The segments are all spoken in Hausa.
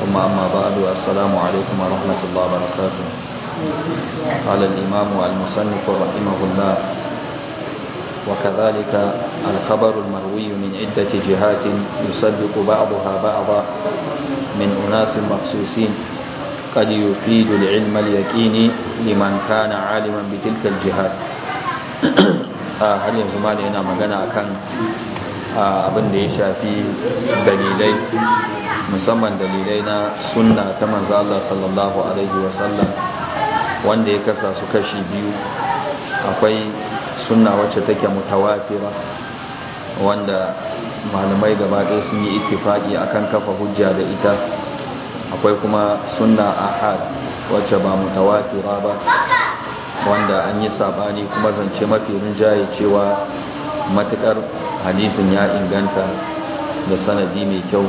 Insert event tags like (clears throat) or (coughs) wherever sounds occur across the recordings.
ثم أما بعد السلام عليكم ورحمة الله وبركاته قال الإمام المصنف رحمه الله وكذلك الخبر المروي من عدة جهات يصدق بعضها بعضا من أناس مخصوصين قد يفيد العلم اليقين لمن كان عالما بتلك الجهات (coughs) آه، هل يزمان هنا مغنى كان abin da ya shafi dalilai musamman dalilai na sunna ta manzo sallallahu alaihi wasallam wanda ya kasa su kashi biyu akwai sunna wacce take mutawatira wanda malamai gaba ɗaya sun yi ittifaki akan kafa hujja da ita akwai kuma sunna ahad wacce ba mutawatira ba wanda an yi sabani kuma zance mafi rinjaye cewa matukar hadisin ya inganta da sanadi mai kyau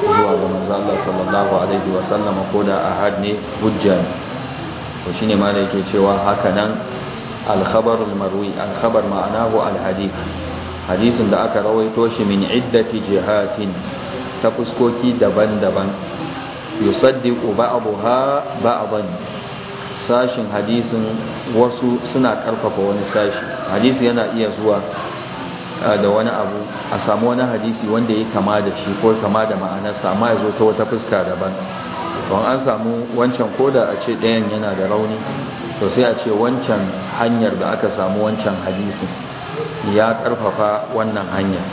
zuwa ga manzo sallallahu alaihi wa sallama ko da ahad ne hujja to shine ma da yake cewa haka nan al-khabar marwi al-khabar ma'anahu al hadisin da aka rawaito shi min iddati jihatin ta fuskoki daban-daban yusaddiqu ba'daha ba'dan sashin hadisin wasu suna karfafa wani sashi hadisi yana iya zuwa da wani abu a samu wani hadisi wanda ya kama da shi ko kama da ma'anar amma ya zo ta wata fuska daban don an samu wancan koda a ce ɗayan yana da rauni to sai a ce wancan hanyar da aka samu wancan hadisin ya karfafa wannan hanyar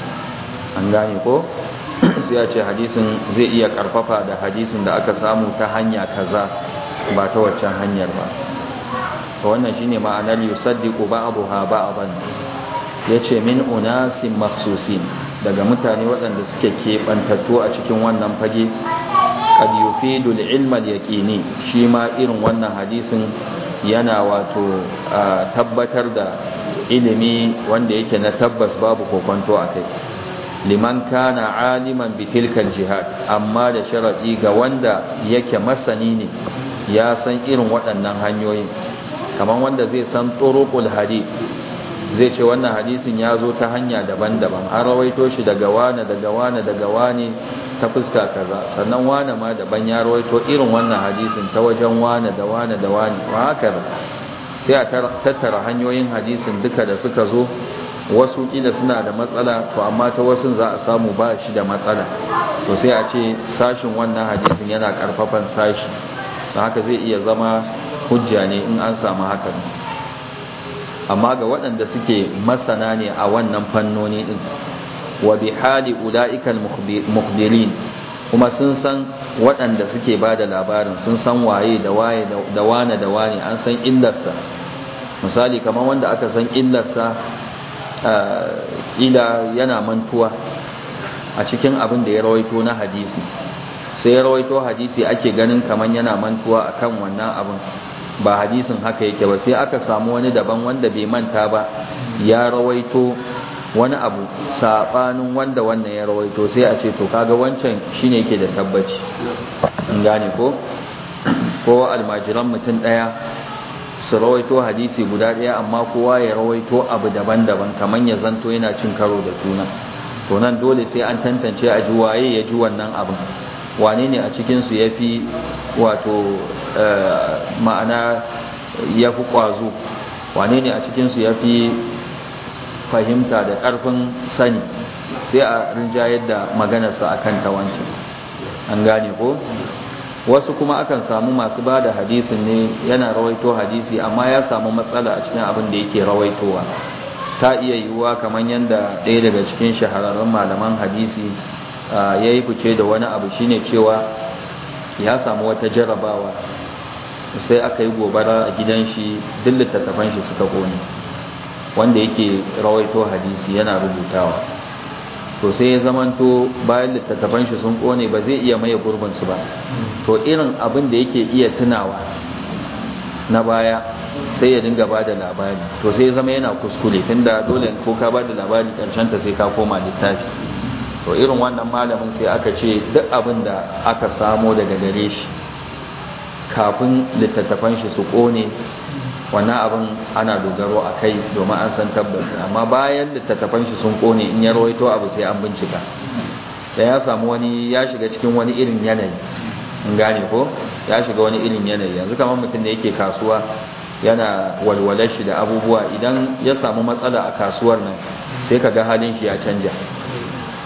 an gane ko (clears throat) sai a ce hadisin zai iya karfafa da hadisin da aka samu ta hanya kaza ba ta waccan hanyar ba wannan shine ma'anar yusaddiqu ba ba'dan ya ce min unasin maksusin daga mutane waɗanda suke keɓantattu a cikin wannan fage qad ilmal al-ilma shi ma irin wannan hadisin yana wato tabbatar da ilimi wanda yake na tabbas babu kokonto a kai liman kana aliman bitilkan jihad amma da sharaɗi ga wanda yake masani ne ya san irin waɗannan hanyoyin kamar wanda zai san tsoro ƙulhari zai ce wannan hadisin ya zo ta hanya daban-daban an rawaito shi daga wane daga wane daga wane ta fuska kaza sannan wane ma daban ya rawaito irin wannan hadisin ta wajen wane da wane da wane ba haka sai a tattara hanyoyin hadisin duka da suka zo wasu kila suna da matsala to amma ta wasu za a samu ba shi da matsala to sai a ce sashin wannan hadisin yana karfafan sashi haka zai iya zama hujja ne in an samu hakan amma ga waɗanda suke masana ne a wannan fannoni ɗin wa bi hali ula'ikal mukbilin kuma sun san waɗanda suke ba da labarin sun san waye da waye da wane da wane an san illarsa misali kamar wanda aka san illarsa ila yana mantuwa a cikin abin da ya rawaito na hadisi sai ya rawaito hadisi ake ganin kamar yana mantuwa akan wannan abin ba hadisin haka yake ba sai aka samu wani daban wanda bai manta ba ya rawaito wani abu sabanin wanda wannan ya rawaito sai a ce to kaga wancan shine yake da tabbaci in gane ko ko almajiran mutum daya su rawaito hadisi guda daya amma kowa ya rawaito abu daban-daban kamar ya zanto yana cin karo da juna to nan dole sai an tantance a ji waye ya ji wannan abin wane ne a cikinsu ya fi wato eh, ma'ana ya fi ƙwazo wane ne a cikinsu ya fi fahimta da ƙarfin sani sai a rinjayar da maganarsa a kan tawancin an gane ko wasu kuma akan samu masu ba da hadisin ne yana rawaito hadisi amma ya samu matsala a cikin abin da yake rawaitowa ta iya yiwuwa kamar yadda ɗaya daga cikin shahararrun malaman hadisi ya yi fice da wani abu shine cewa ya samu wata jarabawa sai aka yi gobara a gidan shi duk littattafan shi suka kone wanda yake rawaito hadisi yana rubutawa to sai ya zamanto bayan littattafan shi sun kone ba zai iya maye gurbin su ba to irin abin da yake iya tunawa na baya sai ya dinga bada labari to sai ya zama yana kuskure tunda dole ko ka da labari ƙarshen ta sai ka koma littafi to irin wannan malamin sai aka ce duk abin da aka samo daga gare shi kafin littattafan shi su kone wannan abin ana dogaro a kai domin an san tabbas amma bayan littattafan shi sun kone in ya rawaito abu sai an bincika da ya samu wani ya shiga cikin wani irin yanayi in gane ko ya shiga wani irin yanayi yanzu kamar mutum da yake kasuwa yana walwalar shi da abubuwa idan ya samu matsala a kasuwar nan sai ka ga halin shi ya canja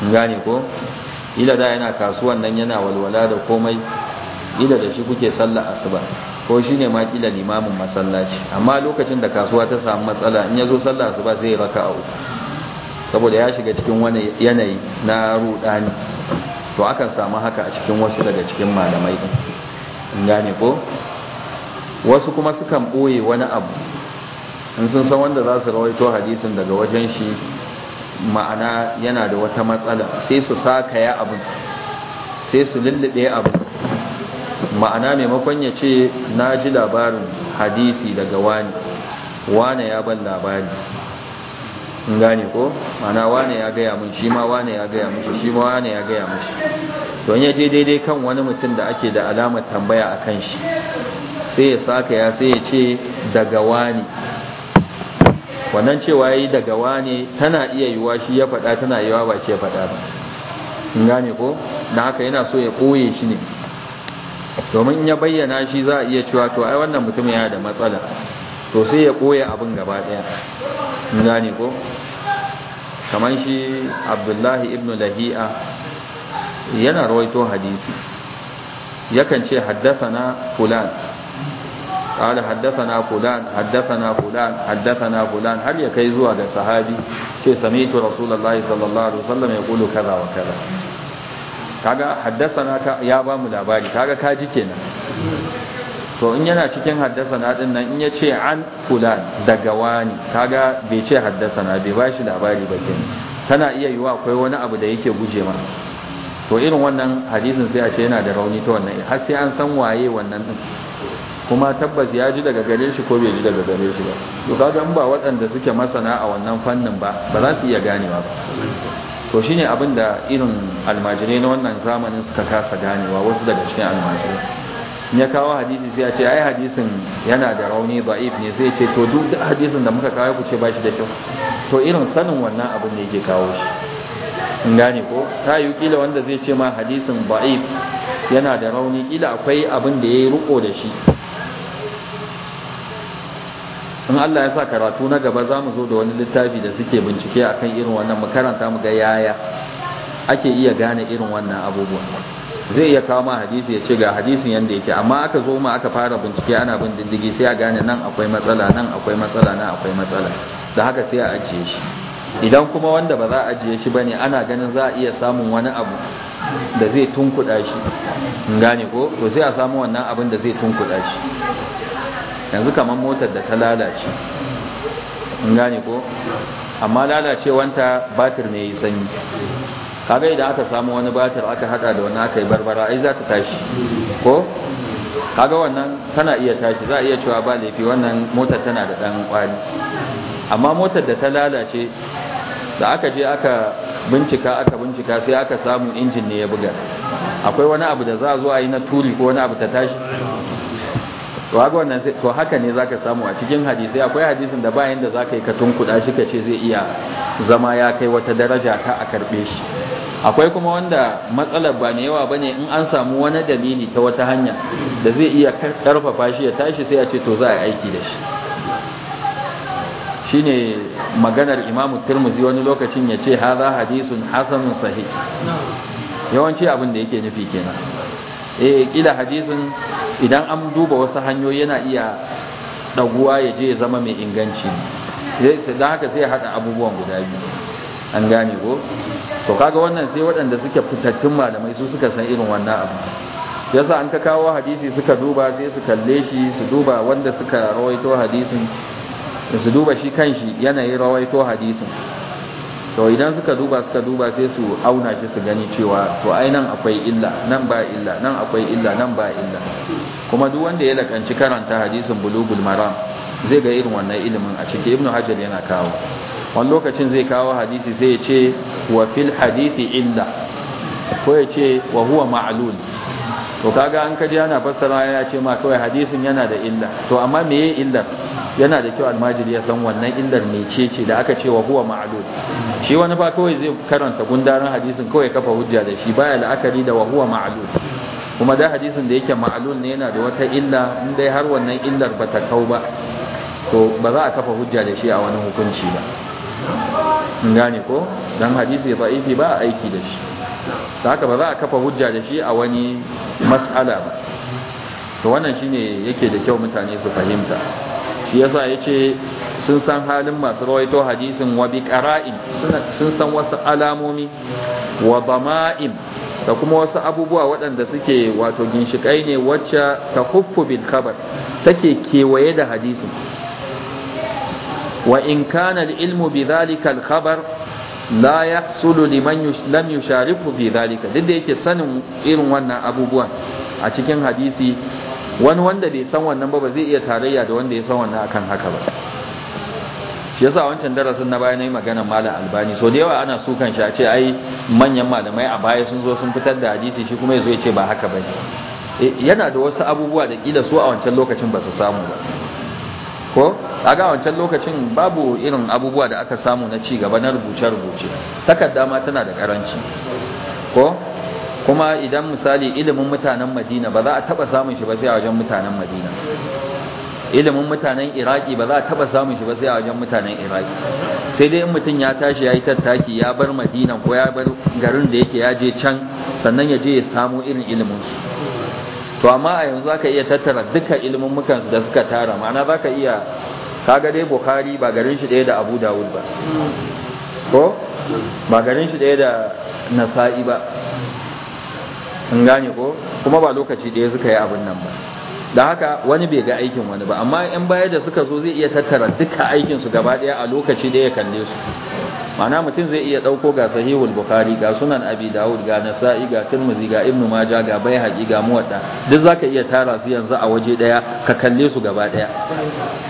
gane ko ila da yana kasuwan nan yana walwala da komai ila da shi kuke sallar asuba ko shine ma kila limamin masallaci amma lokacin da kasuwa ta samu matsala in yazo sallar asuba sai ya raka a saboda ya shiga cikin wani yanayi na ruɗani, to akan samu haka a cikin wasu daga cikin malamai din gane ko wasu kuma sukan ɓoye wani abu in sun san wanda za su rawaito hadisin daga wajen shi ma'ana yana da wata matsala sai su sakaya abin sai su lullube abin ma'ana maimakon ya ce na ji labarin hadisi daga wani wane ya ban labari in gane ko ma'ana wane ya gaya mun shi ma wane ya gaya mun shi ma wane ya gaya mun don ya je daidai kan wani mutum da ake da alamar tambaya a kan shi sai ya saka ya sai ya ce daga wani wannan cewa yi daga wane tana iya yiwa shi ya faɗa tana yiwa ba shi ya faɗa ba in gane ko na haka yana so ya koye shi ne domin in ya bayyana shi za a iya cewa to ai wannan mutum yana da matsala to sai ya koya abin gaba ɗaya in gane ko kamar shi abdullahi ibn lahi'a yana rawaito hadisi yakan ce haddasa na fulan قال حدثنا فلان حدثنا فلان حدثنا فلان هل يكاي زوا ده صحابي كي سمعت رسول الله صلى الله عليه وسلم يقول كذا وكذا kaga Haddasa ka ya ba mu labari kaga kaji kenan to in yana cikin haddasa na din nan in ya ce an kula daga wani kaga bai ce haddasa na bai bashi labari ba kenan tana iya yiwa akwai wani abu da yake guje ma to irin wannan hadisin sai a ce yana da rauni ta wannan har sai an san waye wannan kuma tabbas ya ji daga gare shi ko bai ji daga gare shi ba to kaga in ba waɗanda suke masana a wannan fannin ba ba za su iya ganewa ba to shine abin da irin almajirai na wannan zamanin suka kasa ganewa wasu daga cikin almajirai ya kawo hadisi sai ya ce ai hadisin yana da rauni da'if ne sai ya ce to duk hadisin da muka kawo ku ce bashi da kyau to irin sanin wannan abin ne yake kawo shi in gane ko ta yi kila wanda zai ce ma hadisin da'if yana da rauni kila akwai abin da ya yi riko da shi in Allah ya sa karatu na gaba za mu zo da wani littafi da suke bincike a kan irin wannan mu mu ga yaya ake iya gane irin wannan abubuwa zai iya kawo ma hadisi ya ce ga hadisin yanda yake amma aka zo ma aka fara bincike ana bin diddigi sai a gane nan akwai matsala nan akwai matsala nan akwai matsala da haka sai a ajiye shi idan kuma wanda ba za a ajiye shi bane ana ganin za a iya samun wani abu da zai tunkuɗa shi gane ko to sai a samu wannan abin da zai tunkuɗa shi yanzu kamar motar da ta lalace in gane ko amma lalacewanta batir ne yi sanyi kaga da aka samu wani batir aka hada da wani aka yi barbara ai za ta tashi ko kaga wannan tana iya tashi za a iya cewa ba laifi wannan motar tana da dan kwari amma motar da ta lalace da aka je aka bincika aka bincika sai aka samu injin ne ya buga akwai wani abu da za a zo a yi na tuli ko wani abu ta tashi to haka wannan to haka ne zaka samu a cikin hadisi akwai hadisin da bayan da zaka yi ka tunkuda shi ka ce, zai iya zama ya kai wata daraja ta a karbe shi akwai kuma wanda matsalar ba ne yawa bane in an samu wani dalili ta wata hanya da zai iya karfafa shi ya tashi sai a ce to za a aiki da shi shine maganar Imamu Tirmidhi wani lokacin ya ce hadha hadisun hasanun sahih yawanci abin da yake nufi kenan eh kila hadisin idan an duba wasu hanyoyi yana iya daguwa ya je ya zama mai inganci don haka sai ya haɗa abubuwan guda biyu an gane ko to kaga wannan sai waɗanda suke fitattun malamai su suka san irin wannan abu yasa an ka kawo hadisi suka duba sai su kalle shi su duba wanda suka rawaito hadisin su duba shi kanshi yanayin rawaito hadisin to idan suka duba suka duba sai su auna shi su gani cewa to ai nan akwai illa nan ba illa nan akwai illa nan ba illa kuma duk wanda ya lakanci karanta hadisin bulugul maram zai ga irin wannan ilimin a cikin ibnu hajar yana kawo wani lokacin zai kawo hadisi sai ya ce wa fil hadithi illa ko ya ce wa huwa ma'lul to kaga an kaji ana fassara ya ce ma kawai hadisin yana da illa to amma meye illar yana da kyau almajiri ya san wannan illar mece ce da aka ce huwa ma'lul shi wani ba kawai zai karanta gundarin hadisin kawai kafa hujja da shi baya la'akari da huwa ma'lul kuma da hadisin da yake ma'lul ne yana da wata illa in dai har wannan illar ba ta kau ba to ba za a kafa hujja da shi a wani hukunci ba in gane ko dan hadisi ba ifi ba aiki da shi ta haka ba za a kafa hujja da shi a wani mas'ala ba to wannan shine yake da kyau mutane su fahimta shi yasa yace sun san halin masu rawaito hadisin wa bi qara'in sun san wasu alamomi wa dama'im da kuma wasu abubuwa waɗanda suke wato ginshikai ne wacce ta huffu bil khabar take kewaye da hadisin wa in kana al ilmu bi dhalika al khabar la yahsulu liman lam yusharifu bi dhalika duk da yake sanin irin wannan abubuwan a cikin hadisi wani wanda bai san wannan ba ba zai iya tarayya da wanda ya san wannan akan haka ba shi yasa wancan darasin na baya na yi maganar malam albani so da yawa ana sukan shi a ce ai manyan malamai a baya sun zo sun fitar da hadisi shi kuma ya zo ya ce ba haka ba ne eh, yana da wasu abubuwa da kila su a wancan lokacin ba su samu ba ko a ga wancan lokacin babu irin abubuwa da aka samu na ci gaba na rubuce-rubuce takarda ma tana da karanci ko kuma idan misali ilimin mutanen madina ba za a taba samun shi ba sai a wajen mutanen madina ilimin mutanen iraki ba za a taba samun shi ba sai a wajen mutanen iraki sai dai in mutum ya tashi ya yi tattaki ya bar madina ko ya bar garin da yake ya je can sannan ya je ya samo irin ilimin su to amma a yanzu aka iya tattara duka ilimin su da suka tara ma'ana zaka iya kaga dai bukhari ba garin shi ɗaya da abu dawud ba ko ba garin shi ɗaya da nasa'i ba in gane ko kuma ba lokaci da ya suka yi abin nan ba da haka wani bai ga aikin wani ba amma yan baya da suka zo zai iya tattara duka aikin su gaba daya a lokaci da ya kalle su Mana mutum zai iya dauko ga sahihul bukhari ga sunan abi daud ga nasa'i ga tirmidhi ga ibnu maja ga baihaqi ga muwatta duk zaka iya tara su yanzu a waje daya ka kalle su gaba daya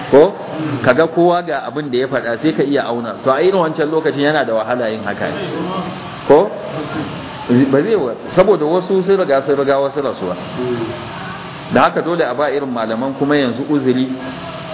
ko kaga kowa ga abin da ya faɗa sai ka iya auna to a irin wancan lokacin yana da wahala yin haka ko ba zai saboda wasu sun riga sai riga wasu rasuwa hmm. da haka dole a ba irin malaman kuma yanzu uzuri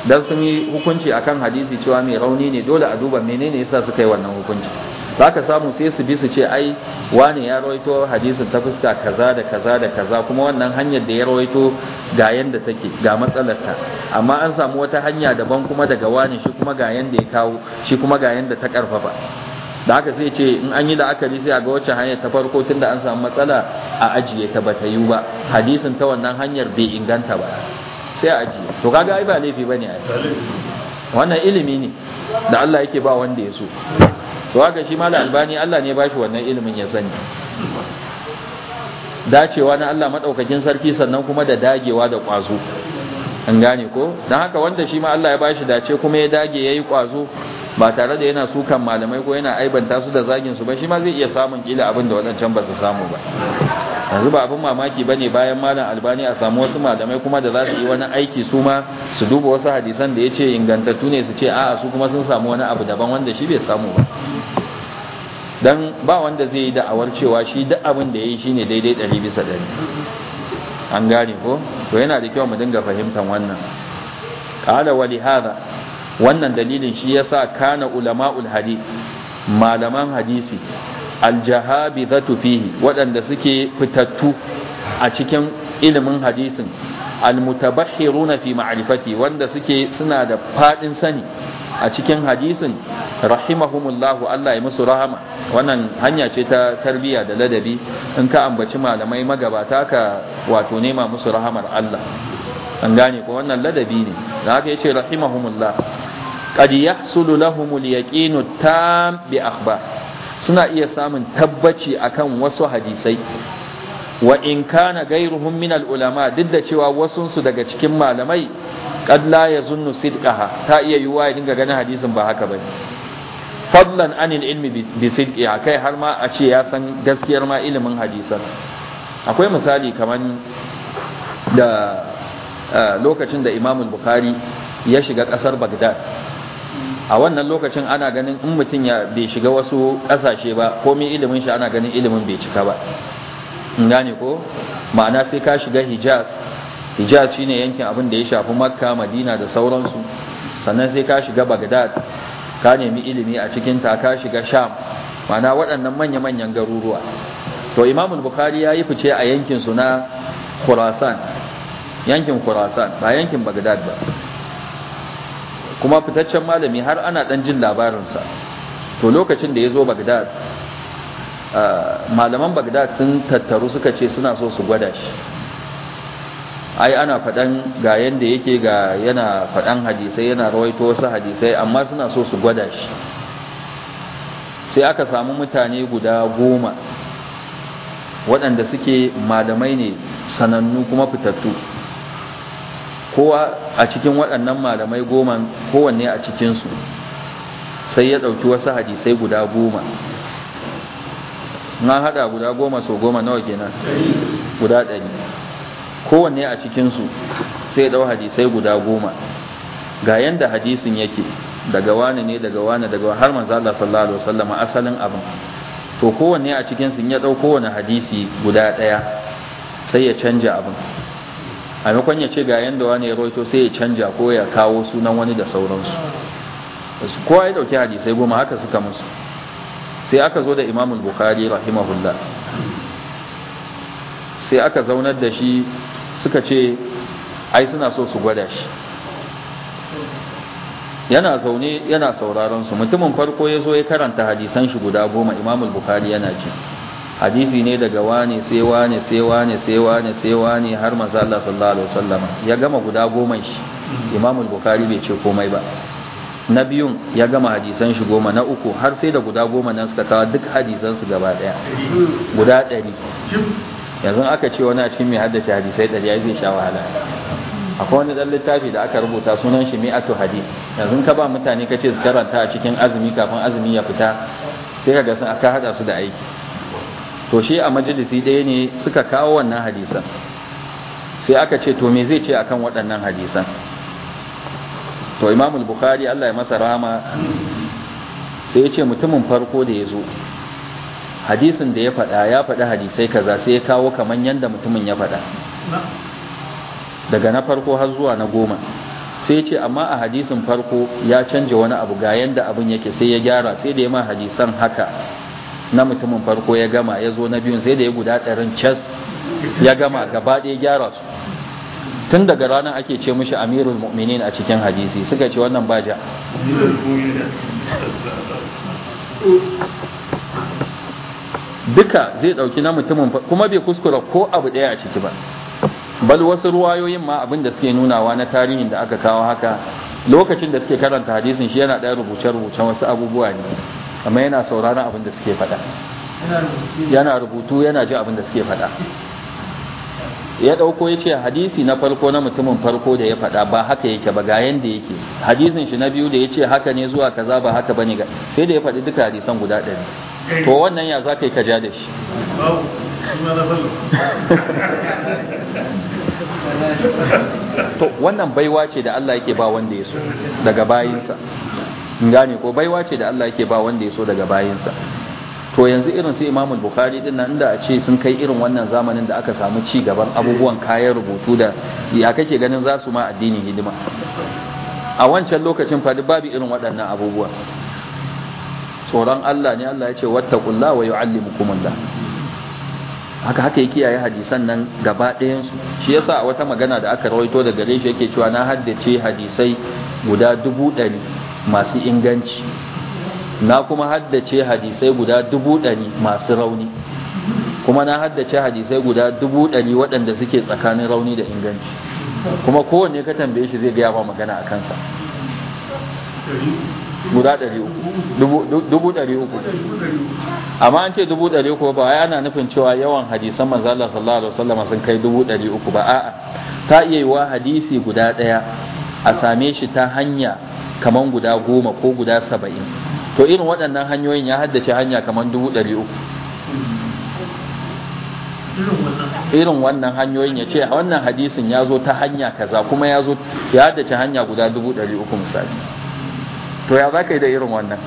dan sun yi hukunci akan hadisi cewa mai rauni ne dole a duba menene yasa suka yi wannan hukunci za ka samu sai su bi su ce ai wane ya rawaito hadisin ta fuska kaza da kaza da kaza kuma wannan hanyar da ya rawaito ga yanda take ga matsalar ta amma an samu wata hanya daban kuma daga wane shi kuma ga yanda ya kawo shi kuma ga yanda ta karfafa da haka sai ce in an yi la'akari sai a ga wacce hanyar ta farko tun da an samu matsala a ajiye ta bata yi ba hadisin ta wannan hanyar bai inganta ba sai a ajiye to kaga ai ba laifi bane a wannan ilimi ne da Allah yake ba wanda ya so to haka shi malam albani Allah ne ya bashi wannan ilimin ya sani dacewa na Allah madaukakin sarki sannan kuma da dagewa da kwazo an gane ko dan haka wanda shi ma Allah ya bashi dace kuma ya dage ya yi kwazo ba tare da yana sukan malamai ko yana aibanta su da zagin su ba shi ma zai iya samun kila abin da wadancan ba su samu ba yanzu ba abin mamaki ba ne bayan malam albani a samu wasu malamai kuma da za su yi wani aiki su ma su duba wasu hadisan da ya ce ingantattu ne su ce a'a su kuma sun samu wani abu daban wanda shi bai samu ba dan ba wanda zai yi da'awar cewa shi duk abin da ya yi ne daidai ɗari bisa ɗari an gane ko to yana da kyau mu dinga fahimtar wannan qala wa li wannan dalilin shi ya sa kana ulama'ul hadisi malaman hadisi zatu fihi waɗanda suke fitattu a cikin ilimin hadisin almutabahhiruna fi ma'rifati wanda suke suna da fadin sani a cikin hadisin rahimahumullahu Allah ya musu rahama wannan hanya ce ta tarbiyya da ladabi in ka ambaci malamai magabata ka wato nema musu rahamar Allah an gane ko wannan ladabi ne da haka yace rahimahumullah qad yahsulu lahumul yaqinu tam bi akhbar suna iya samun tabbaci akan wasu hadisai wa in kana gairuhum min ulama duk da cewa wasunsu daga cikin malamai qad la yazunnu sidqaha ta iya yiwuwa ya dinga ganin hadisin ba haka bane fadlan anil ilmi bi sidqi kai har ma a ce ya san gaskiyar ma ilimin hadisan akwai misali kaman da lokacin da Imam Bukhari ya shiga kasar Baghdad a wannan lokacin ana ganin in mutum ya bai shiga wasu kasashe ba komai ilimin shi ana ganin ilimin bai cika ba in gane ko ma'ana sai ka shiga hijaz hijaz shine yankin abin da ya shafi makka madina da sauransu sannan sai ka shiga bagdad ka nemi ilimi a cikin ta ka shiga sham ma'ana waɗannan manya-manyan garuruwa to imamul bukhari ya yi fice a yankin na khurasan yankin khurasan ba yankin bagdad ba kuma fitaccen malami har ana dan jin labarinsa to lokacin da ya zo bagdad malaman bagdad sun tattaru suka ce suna so su gwada shi ai ana faɗan ga yanda yake ga yana faɗan hadisai yana rawaito wasu hadisai amma suna so su gwada shi sai aka samu mutane guda goma waɗanda suke malamai ne sanannu kuma fitattu kowa a cikin waɗannan malamai goma kowanne a cikinsu sai ya ɗauki wasu hadisai guda goma na haɗa guda goma so goma nawa kenan guda ɗari kowanne a cikinsu sai ya ɗau hadisai guda goma ga yanda hadisin yake daga wani ne daga wani daga har manzo Allah sallallahu alaihi wasallam asalin abin to kowanne a cikin sun ya ɗau kowane hadisi guda ɗaya sai ya canja abin a maimakon ya ce ga yanda wani ya roito sai ya canja ko ya kawo sunan wani da sauransu kowa ya dauki hadisai goma haka suka musu sai aka zo da imamul bukari rahimahullah sai aka zaunar da shi suka ce ai suna so su gwada shi yana zaune yana sauraron su mutumin farko ya zo ya karanta hadisan shi guda goma imamul bukari yana ji hadisi ne daga wani sai wani sai wani sai wani sai wani har manzo Allah sallallahu alaihi wasallam ya gama guda goma shi Imam al-Bukhari bai ce komai ba na biyun ya gama hadisan shi goma na uku har sai da guda goma nan suka kawo duk hadisan su gaba daya guda ɗari yanzu aka ce wani a cikin mai haddace hadisai ɗari ya zai sha wahala akwai wani ɗan littafi da aka rubuta sunan shi ato hadis yanzu ka ba mutane ka ce su karanta a cikin azumi kafin azumi ya fita sai ka ga sun aka hada su da aiki to shi a majalisi ɗaya ne suka kawo wannan hadisan sai aka ce to me zai ce akan waɗannan hadisan to imamul bukhari Allah ya masa rama sai ya ce mutumin farko da ya zo hadisin da ya faɗa ya faɗa hadisai kaza sai ya kawo kamar yadda mutumin ya faɗa daga na farko har zuwa na goma sai ce amma a hadisin farko ya canja wani abu ga yadda abin yake sai ya gyara sai da ya ma hadisan haka na mutumin farko ya gama ya zo na biyun sai da ya guda ɗarin cas ya gama gaba ɗaya gyara su tun daga ranar ake ce mishi amirul mu'minin a cikin hadisi suka ce wannan baja duka zai ɗauki na mutumin kuma bai kuskura ko abu ɗaya a ciki ba bal wasu ruwayoyin ma abin da suke nunawa na tarihin da aka kawo haka lokacin da suke karanta hadisin shi yana ɗaya rubuce-rubucen wasu abubuwa ne amma yana sauraron abin da suke faɗa yana rubutu yana ji abin da suke faɗa ya ɗauko ya ce hadisi na farko na mutumin farko da ya faɗa ba haka yake ba ga yanda yake hadisin shi na biyu da ya ce haka ne zuwa kaza ba haka bane ga sai da ya fadi duka hadisan guda ɗari to wannan ya za yi ka ja da shi to wannan baiwa ce da Allah yake ba wanda ya so daga bayinsa gane ko baiwa ce da Allah yake ba wanda ya so daga bayinsa to yanzu irin su Imam Bukhari din nan inda a ce sun kai irin wannan zamanin da aka samu ci gaban abubuwan kayan rubutu da ya kake ganin za su ma addinin hidima a wancan lokacin fa duk babu irin waɗannan abubuwa tsoron Allah ne Allah ya ce wattaqullah wa yu'allimukumullah haka haka ya kiyaye hadisan nan gaba ɗayan su shi yasa a wata magana da aka rawaito daga gare shi yake cewa na haddace hadisai guda dubu ɗari masu inganci na kuma haddace hadisai guda dubu ɗari masu rauni kuma na haddace hadisai guda dubu ɗari waɗanda suke tsakanin rauni da inganci kuma kowanne ka tambaye shi zai gaya ba magana a kansa guda ɗari uku dubu ɗari uku amma an ce dubu ɗari uku ba ya na nufin cewa yawan hadisan manzala sallallahu alaihi wasallama sun kai dubu ɗari uku ba a'a ta iya yiwa hadisi guda ɗaya a same shi ta hanya kaman guda goma ko guda saba'in to irin waɗannan hanyoyin ya haddace hanya kaman dubu ɗari uku irin wannan hanyoyin ya ce a wannan hadisin ya zo ta hanya kaza kuma ya zo ya haddace hanya guda dubu ɗari uku misali to ya za ka yi da irin wannan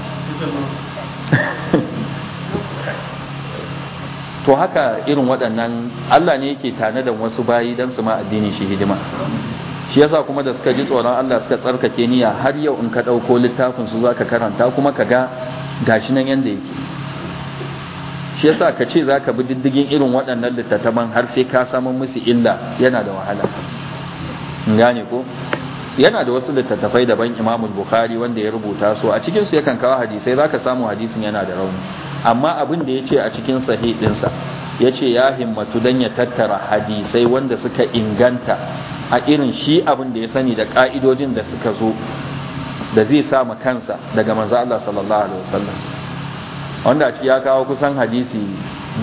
(laughs) to haka irin waɗannan Allah ne yake tanadan wasu bayi don su ma addini shi hidima shi yasa kuma da suka ji tsoron Allah suka tsarkake niyya har yau in ka ɗauko littafin su zaka karanta kuma ka ga gashi nan yanda yake shi yasa ka ce zaka bi diddigin irin waɗannan littattafan har sai ka samu musu illa yana da wahala in gane ko yana da wasu littattafai daban Imam Bukhari wanda ya rubuta su a cikinsu yakan kawo hadisai zaka samu hadisin yana da rauni amma abin da ya ce a cikin sahih ya ce ya himmatu dan ya tattara hadisai wanda suka inganta a irin shi abin da ya sani da ka'idojin da suka zo da zai sa ma kansa daga manzo Allah sallallahu alaihi wasallam wanda ya kawo kusan hadisi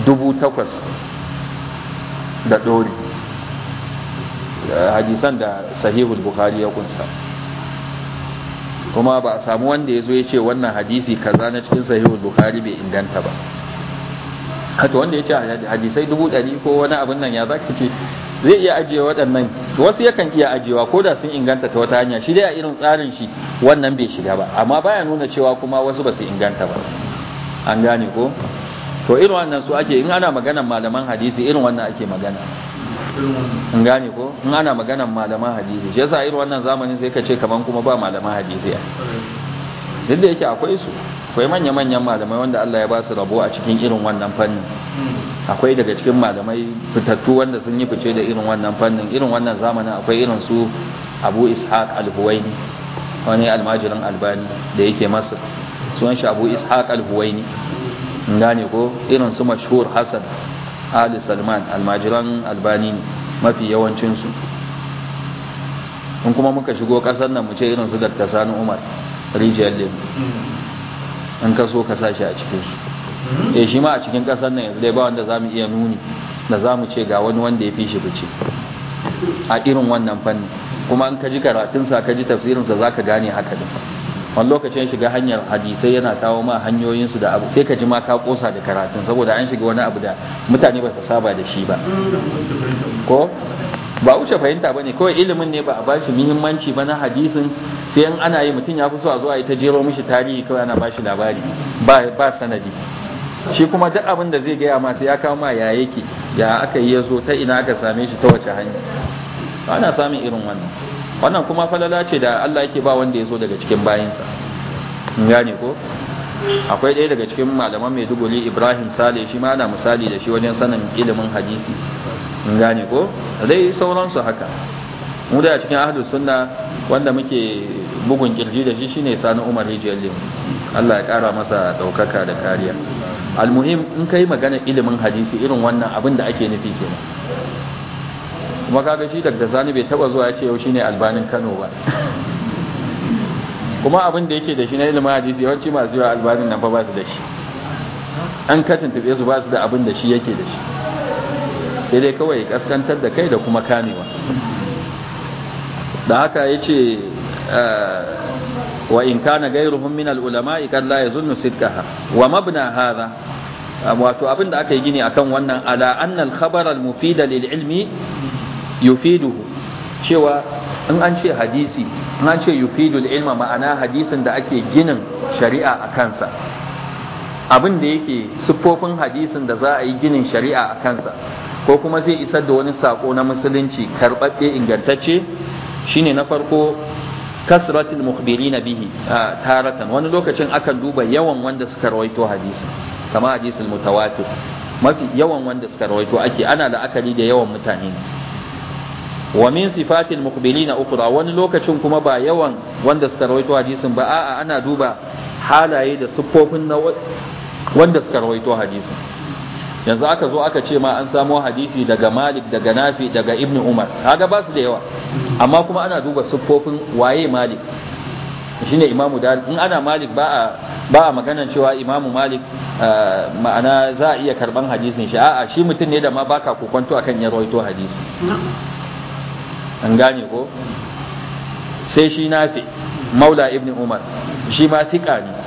dubu takwas da ɗori hadisan da sahihul bukhari ya kunsa kuma ba a samu wanda ya zo ya ce wannan hadisi kaza na cikin sahihul bukhari bai inganta ba haka wanda ya ce hadisai dubu ɗari ko wani abin nan ya za ka ce zai iya ajiye waɗannan wasu yakan iya ajiyewa ko da sun inganta ta wata hanya shi dai a irin tsarin shi wannan bai shiga ba amma baya nuna cewa kuma wasu ba su inganta ba an gane ko to irin wannan su ake in ana maganan malaman hadisi irin wannan ake magana in gane ko in ana maganan malaman hadisi shi yasa irin wannan zamanin sai ka ce kaman kuma ba malaman hadisi duk da yake akwai su akwai manya-manyan malamai wanda Allah ya ba su rabo a cikin irin wannan fannin akwai daga cikin malamai fitattu wanda sun yi fice da irin wannan fannin irin wannan zamanin akwai irin su abu ishaq al-huwaini wani almajirin albani da yake masar sunan shi abu ishaq al-huwaini gane ko irin su mashhur hasan ali salman almajiran albani ne mafi yawancinsu in kuma muka shigo kasar nan mu ce irin su dr sani umar rijiyar in ka so ka sashi a cikin su eh shi ma a cikin kasar nan yanzu dai ba wanda zamu iya nuni da zamu ce ga wani wanda ya fi shi bice a irin wannan fanni kuma in ka ji karatun sa ka ji tafsirin sa zaka gane haka din wani lokacin shiga hanyar hadisai yana kawo ma hanyoyin su da abu sai ka ji ma ka kosa da karatun saboda an shiga wani abu da mutane ba su saba da shi ba ko ba wuce fahimta bane kawai ilimin ne ba a bashi muhimmanci ba na hadisin sai in ana yi mutum ya fi so a zo a jero mishi tarihi kawai ana bashi labari ba sanadi shi kuma duk abin da zai gaya ma sai ya kawo ma ya yake ya aka yi ya zo ta ina aka same shi ta wace hanya ana samun irin wannan wannan kuma falala ce da Allah yake ba wanda ya zo daga cikin bayinsa gane ko akwai ɗaya daga cikin malaman mai maiduguri ibrahim sale shi ma ana misali da shi wajen sanin ilimin hadisi in gane ko dai sauransu haka mu da cikin ahlus sunna wanda muke bugun kirji da shi shine sani umar rijiyar limu Allah ya kara masa daukaka da kariya almuhim in kai magana ilimin hadisi irin wannan abin da ake nufi kenan kuma kaga shi daga zani bai taba zuwa ya ce yau shine albanin Kano ba kuma abin da yake da shi na ilimin hadisi yawanci masu yawa albanin nan fa ba su da shi an katin tafiye su ba su da abin da shi yake da shi sai dai kawai kaskantar da kai da kuma kamewa da haka ya ce ah, wa in kana gairuhum min al-ulama ikan la zunnu sidqaha wa mabna hadha wato abinda aka yi gini akan wannan ala anna al-khabar ilmi yufiduhu cewa in an ce hadisi in an ce yufidul ilma ma'ana hadisin da ake ginin shari'a a kansa abin yake siffofin hadisin da za a yi ginin shari'a a kansa ko kuma zai isar da wani sako na musulunci karɓaɓɓe ingantacce shine na farko kasratul na bihi taratan wani lokacin akan duba yawan wanda suka rawaito hadisi kama hadisul mutawatir mafi yawan wanda suka rawaito ake ana la'akari da yawan mutane wa min sifatil muqbilina ukra wani lokacin kuma ba yawan wanda suka rawaito hadisin ba a'a ana duba halaye da siffofin na wanda suka rawaito hadisin yanzu aka zo aka ce ma an samo hadisi daga malik daga nafi daga Ibn umar kaga ba su da yawa amma kuma ana duba siffofin waye malik shine imamu Dar in ana malik ba a ba a maganan cewa imamu malik ah, ma'ana za a iya karban hadisin shi a'a shi mutum ne da ma baka kokonto akan ya rawaito hadisi an gane ko sai shi nafi maula Ibn umar shi ma thiqa ne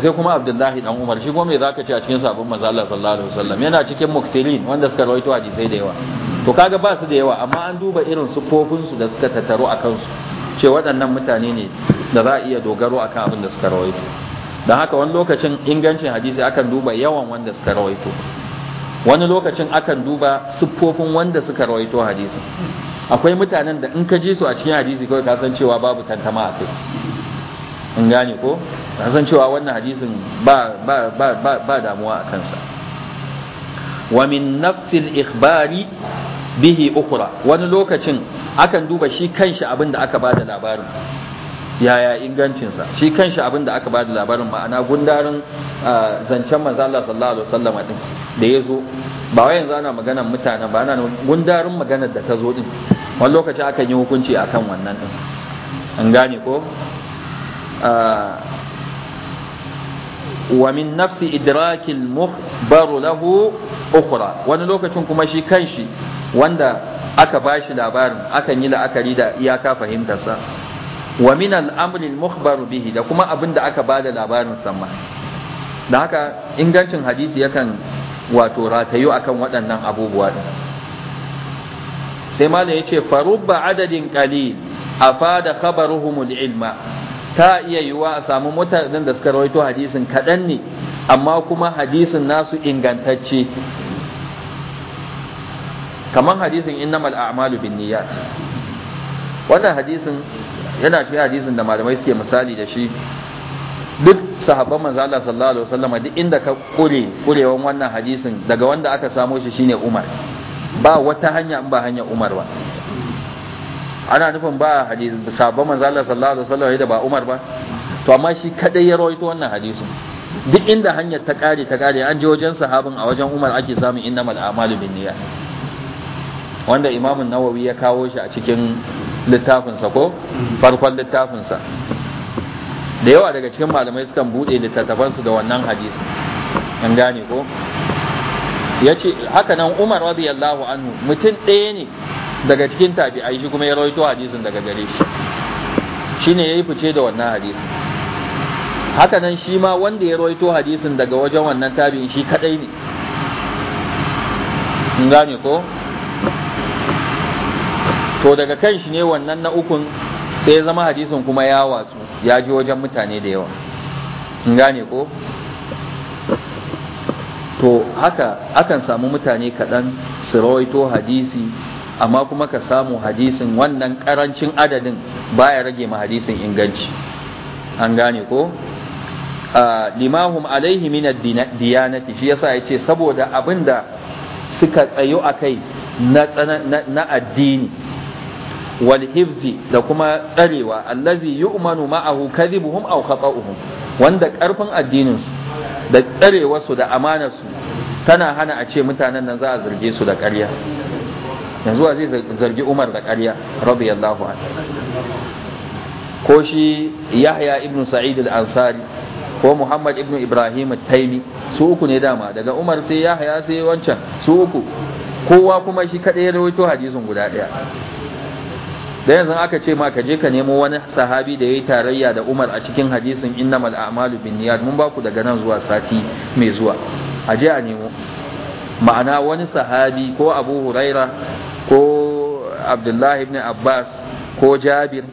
to sai kuma abdullahi dan umar shi kuma me zaka ce a cikin sabon manzo Allah sallallahu alaihi wasallam yana cikin muksilin wanda suka rawaito hadisai da yawa to kaga ba su da yawa amma an duba irin sufofin su da suka tattaro a kansu ce waɗannan mutane ne da za a iya dogaro akan abin da suka rawaito dan haka wani lokacin ingancin hadisi akan duba yawan wanda suka rawaito wani lokacin akan duba siffofin wanda suka rawaito hadisi akwai mutanen da in ka ji su a cikin hadisi kawai ka san cewa babu tantama a kai in gane ko na san cewa wannan hadisin ba damuwa a kansa wa min nafsil ikhbari bihi ukura. wani lokacin akan duba shi kanshi abin da aka bada labarin yaya ingancinsa shi kanshi abin da aka bada labarin ma'ana gundarin zancen manzo Allah sallallahu alaihi wasallam din da yazo ba wai yanzu ana maganar mutane ba ana gundarin maganar da ta zo din wani lokaci akan yi hukunci akan wannan din an gane ko Wa نفس إدراك المخبر له أخرى wani lokacin kuma shi kanshi wanda aka bashi labarin akan yi la'akari da iyaka fahimtarsa wa min al'amri mukbar bihi da kuma abin da aka bada labarin sama da haka ingancin hadisi yakan wato ratayo akan waɗannan abubuwa din sai malam yace farubba adadin qalil afada khabaruhum al-ilma ta iya yiwuwa a samu mutanen da suka rawaito hadisin kaɗan ne amma kuma hadisin nasu ingantacce kamar hadisin innamal a'malu bin niyyat wannan hadisin yana cikin hadisin da malamai suke misali da shi duk sahabban manzo Allah sallallahu alaihi wasallam duk inda ka kure kurewan wannan hadisin daga wanda aka samo shi shine Umar ba wata hanya in ba hanya Umar ba ana nufin ba hadisi sabon manzo Allah sallallahu alaihi wasallam da ba Umar ba to amma shi kadai ya rawaito wannan hadisin duk inda hanyar ta kare ta kare an je wajen sahabin a wajen Umar ake samun innamal a'malu Niyya. wanda Imam Nawawi ya kawo shi a cikin littafinsa ko farkon littafinsa da yawa daga cikin malamai sukan bude littattafansu da wannan hadisi an gane ko ya ce haka nan umar radiyallahu anhu mutum ɗaya ne daga cikin tabi'ai shi kuma ya rawaito hadisin daga gare shi shine yayi fice da wannan hadisin haka nan shi ma wanda ya rawaito hadisin daga wajen wannan tabi'in shi kadai ne in gane ko to daga kan shi ne wannan na ukun sai ya zama hadisin kuma ya watsu ya ji wajen mutane da yawa in gane ko to haka akan samu mutane kaɗan su rawaito hadisi amma kuma ka samu hadisin wannan karancin adadin baya rage ma hadisin inganci an gane ko limahum alaihi min diyanati shi yasa yace saboda abinda suka tsayo akai na na addini wal hifzi da kuma tsarewa allazi yu'manu ma'ahu kadhibuhum aw khata'uhum wanda karfin addinin su da tsarewa su da amanar su tana hana a ce mutanen nan za a zarge su da ƙarya yanzu wa zai zargi umar da ƙarya radiyallahu an ko shi yahya ibn sa'id al-ansari ko muhammad ibn ibrahim taimi su uku ne dama daga umar sai yahya sai wancan su uku kowa kuma shi kadai ya rawaito hadisin guda ɗaya da yanzu aka ce ma ka je ka nemo wani sahabi da ya yi tarayya da umar a cikin hadisin innamal a'malu binniyat mun baku daga nan zuwa sati mai zuwa a je a nemo ma'ana wani sahabi ko abu huraira ko abdullahi ibn abbas ko jabir